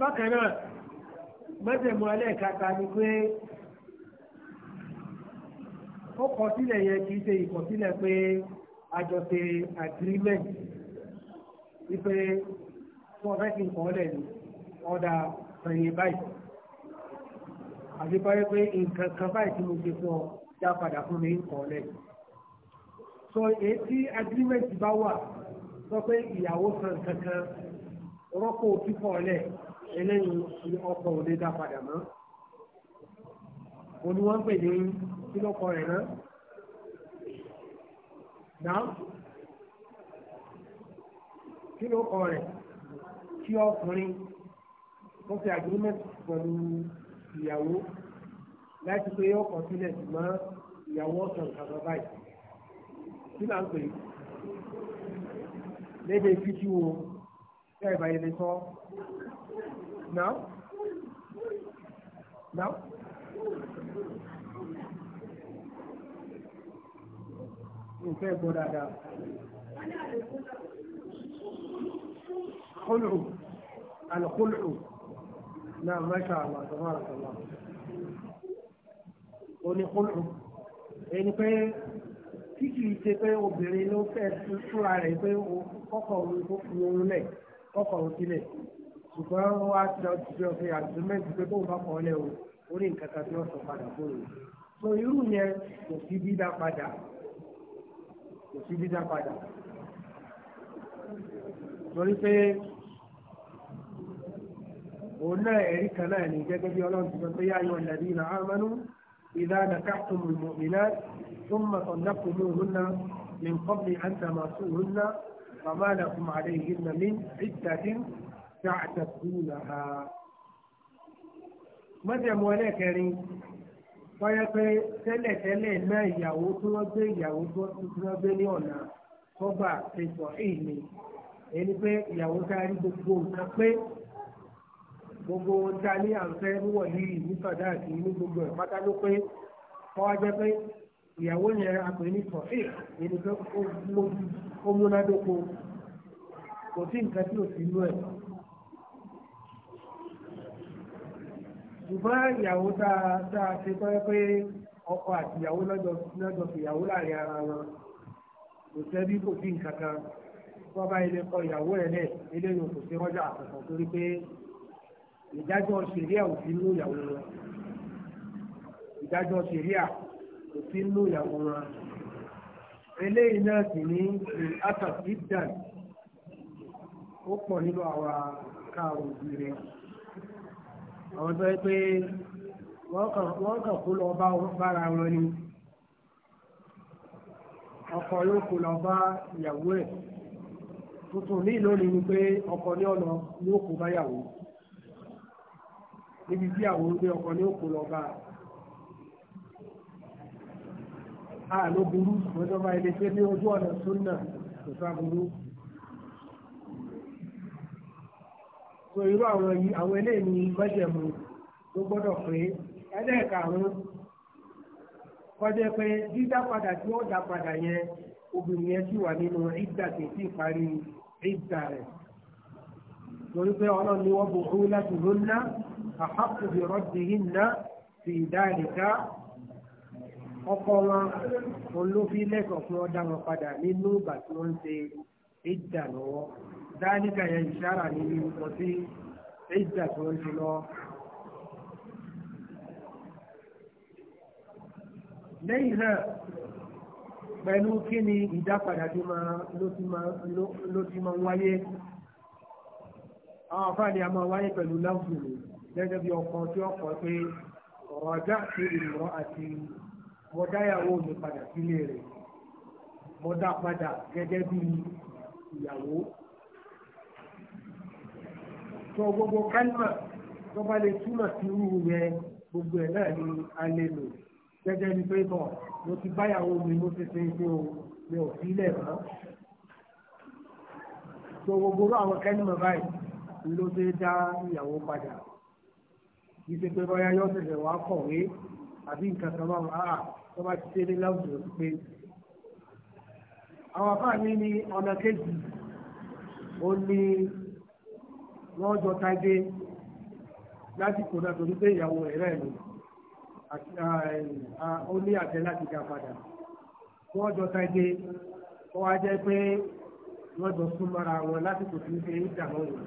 bákan náà mẹ́tẹ̀mú ẹlẹ́ẹ̀kata ni pé ó kọ sílẹ̀ yẹn kì í ṣe ìkọsílẹ̀ pé àjọṣe agreement wípé fún ọ̀fẹ́ kí nǹkan ọ̀lẹ̀ ni ọ̀dà ẹ̀yìn báyìí àti báyìí pé nǹkan kan báyìí tí mo ṣe fún ọ já padà fún mi nǹkan ọ̀lẹ̀ so èyí tí agreement bá wà sọ pé ìyàwó san kankan rọ́pò fífọ́ ọ̀lẹ̀ eléyìí ọkọ̀ òde dá padà mọ́ olùwọ́n pè ní kílọ̀kọ̀ rẹ̀ náà. Now, kí ló kọ rẹ̀ kí ọkùnrin kó fi agreement pẹ̀lú ìyàwó láti pé yóò kọ sílẹ̀ ṣùgbọ́n ìyàwó ọ̀sán ìkàgbọ́ báyìí kí là ń pè é léde fíjú o ẹ bá lè sọ náà náà. nǹkan ẹ̀gbọ́n dáadáa. Kúlù alùkúlù náà mẹ́ta àwọn àtọ́mọ́ àtọ́mọ́. O ní kúlù. Ẹni pé tí kìí ṣe pé obìnrin ló fẹ́ fúnra rẹ̀ pé kọ́kọ́ òun kó fi oorun lẹ̀ kọ́kọ́ òun sílẹ̀. Ṣùgbọ́n wá jọ jọ fi àgbẹ̀mẹ́sì pé bóun bá kọ́ ọ lẹ́wọ̀ orí nǹkan kan tí wọ́n sọ padà fóun. So irú yẹn kò fi bí dá padà kò sí dídá padà torí pé òun náà ẹ̀rí kan náà ní gẹ́gẹ́ bí ọlọ́run ti sọ pé yáyọ ìlàdí ìlà ámánú ìlà nàkàtún mùmìnà ثم طلقتموهن من قبل أن تمسوهن فما لكم عليهن من عدة تعتدونها. ماذا موالاة كريم؟ bọ́yá pé tẹ́lẹ̀tẹ́lẹ̀ náà ìyàwó tí wọ́n gbé ìyàwó tí wọ́n gbé ní ọ̀nà tọ́gbà èyí ni ẹni pé ìyàwó a gbogbo nǹkan pé gbogbo ohun tá a ní à ń fẹ́ wọ̀ yìí ní sọ̀dá àti ní gbogbo ẹ̀ pátá ló pé kọ́ wá jẹ́ pé ìyàwó yẹn apè ní sọ̀ èyí ẹni pé ó múnádóko kò sí nǹkan tí ṣùgbọ́n ìyàwó tá a ṣe pẹ́ pé ọkọ àti ìyàwó lọ́jọ́ fìyàwó láàrin ara wọn kò sẹ́bí kò sí nǹkan kan wọ́n bá ilé kọ ìyàwó ẹ̀ lẹ̀ eléyìí kò sí rọ́jà àkọ́kọ́ torí pé ìdájọ́ ṣẹ̀ríà ò sí nínú ìyàwó wọn ìdájọ́ ṣẹ̀ríà kò sí nínú ìyàwó wọn eléyìí náà sì ní asàtìdàn ó pọ̀ nínú àwa káàrọ̀ òbí rẹ̀ àwọn tó yẹ pé wọ́n kàn kó lọ bára wọn ni ọkọ yóò kó lọ bá ìyàwó ẹ̀ tuntun ní ìlónìí ni pé ọkọ ní ọ̀nà yóò kó báyàwó níbi tí àwọn olùgbé ọkọ ní òkú lọ bá a ló burú lọ́jọ́ bá ilé pé ní ojú ọ̀nà sunna kò sá burú. so irú àwọn yìí àwọn eléyìí ni májẹ̀mú tó gbọ́dọ̀ pé ẹlẹ́ẹ̀karùn-ún kọjá pé dídá padà tí wọ́n dá padà yẹn obìnrin yẹn sì wà nínú ìdá kìí parí ìdá rẹ̀ torí pé ọlọ́run ni wọ́n bò ó láti lónà àhàkùnrin rọ́ọ̀dì yìí ná sí ìdá ìdá ọkọ wọn olófin lẹ́kọ̀ọ́ fún ọ̀dà wọn padà nínú ìgbà tí wọ́n ń ṣe ìdá lọ́wọ́ dáníkà yẹn ìṣára níbi nǹkan tí ìjà tó ń ṣe lọ. lẹ́yìn náà pẹ̀lú kí ni ìdápadà tó máa ló ti máa wáyé àwọn afáàní a máa wáyé pẹ̀lú láwùjọ gẹ́gẹ́ bí ọkàn tí ó kọ pé ọ̀rọ̀ ajá sí ìmọ̀ àti mo dáyàwó mi padà sílé rẹ̀ mo dá padà gẹ́gẹ́ bí ìyàwó sọ gbogbo kálímà tó bá lè túmọ̀ sí irú yẹn gbogbo ẹ̀ náà ni a lè lò gẹ́gẹ́ bí pé bọ̀ mo ti báyàwó mi mo ti ṣe pé o mi ò sílẹ̀ mọ́. sọ gbogbo àwọn kálímà báyìí ló ṣe dá ìyàwó padà ìṣe pé bọ́yá yọ ṣẹ̀ṣẹ̀ wá kọ̀wé àbí nǹkan kan máa wà á tó bá ti ṣeré láwùjọ pé. àwọn afáàní ni ọ̀nà kejì ó ní wọ́n jọ tajé lásìkò náà torí pé ìyàwó rẹ̀ lò ó ní àtẹ láti dá padà wọ́n jọ tajé ó wá jẹ́ pé wọ́n jọ sún mọ́ra wọn lásìkò tí ń ṣe ìdààmú wọn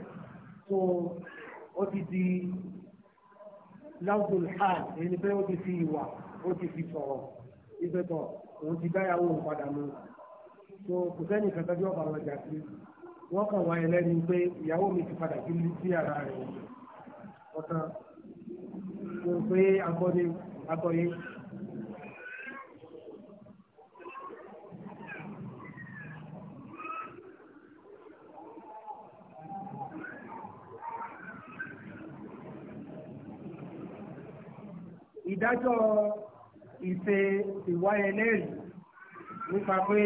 so ó ti di láwùjọ hàn ẹni pé ó ti fi ìwà ó ti fi sọ̀rọ̀ ìfẹ́ tọ̀ òun ti dáyàwó padà mú so kò sẹ́ni kankan bí ọ̀bà wọn jà sí i wọ́n kàn wáyé lẹ́nu pé ìyàwó mi ti padà sí sí ara rẹ̀ ọ̀tàn mo pé agbọ́dé agbọ́yé. ìdájọ́ ìṣe ìwáyẹlẹ́rìí nípa pé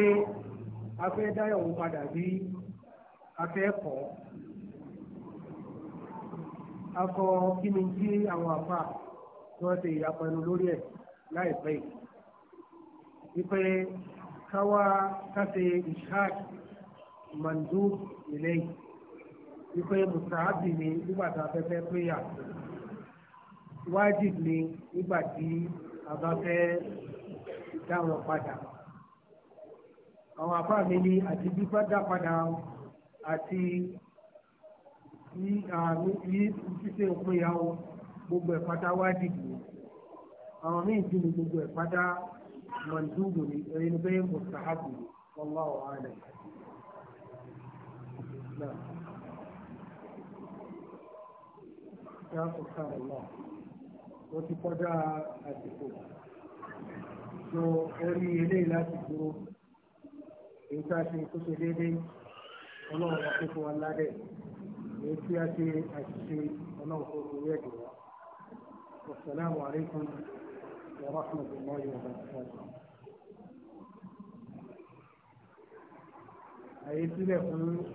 afẹ́dáyọ̀wò padà bíi akẹ́kọ̀ọ́ akọ kí ni kí àwọn àfa tí wọ́n ṣe ìyapẹnu lórí ẹ̀ láìpẹ́ yìí wípé káwa káṣe ìṣáàkì màndú ìlẹ́yìn wípé mùsàábì ni nígbà tá a fẹ́ fẹ́ péyà wájib ni nígbà tí a bá fẹ́ dá wọn padà àwọn àfa mi ni àti bí bá dá padà wọn àti ṣíṣe òpin ìyàwó gbogbo ẹ̀ pátá wá dìbò àwọn míì dùn ní gbogbo ẹ̀ pátá mọ̀ndúgbò ní ẹni bẹ́ẹ̀ mùsàábù ọlọ́wọ́ àlẹ́. Wọ́n ti kọjá àsìkò so orí eléyìí láti dúró èyí tá a ṣe kó ṣe déédéé ọlọ́run wa kó fún wa ládẹ̀ èyí tí a ṣe àṣìṣe ọlọ́run kó fún wẹ́ẹ̀dì wa wasalaamu alaykum wa rahmatulahi wa barakatuh. àyè sílẹ̀ fún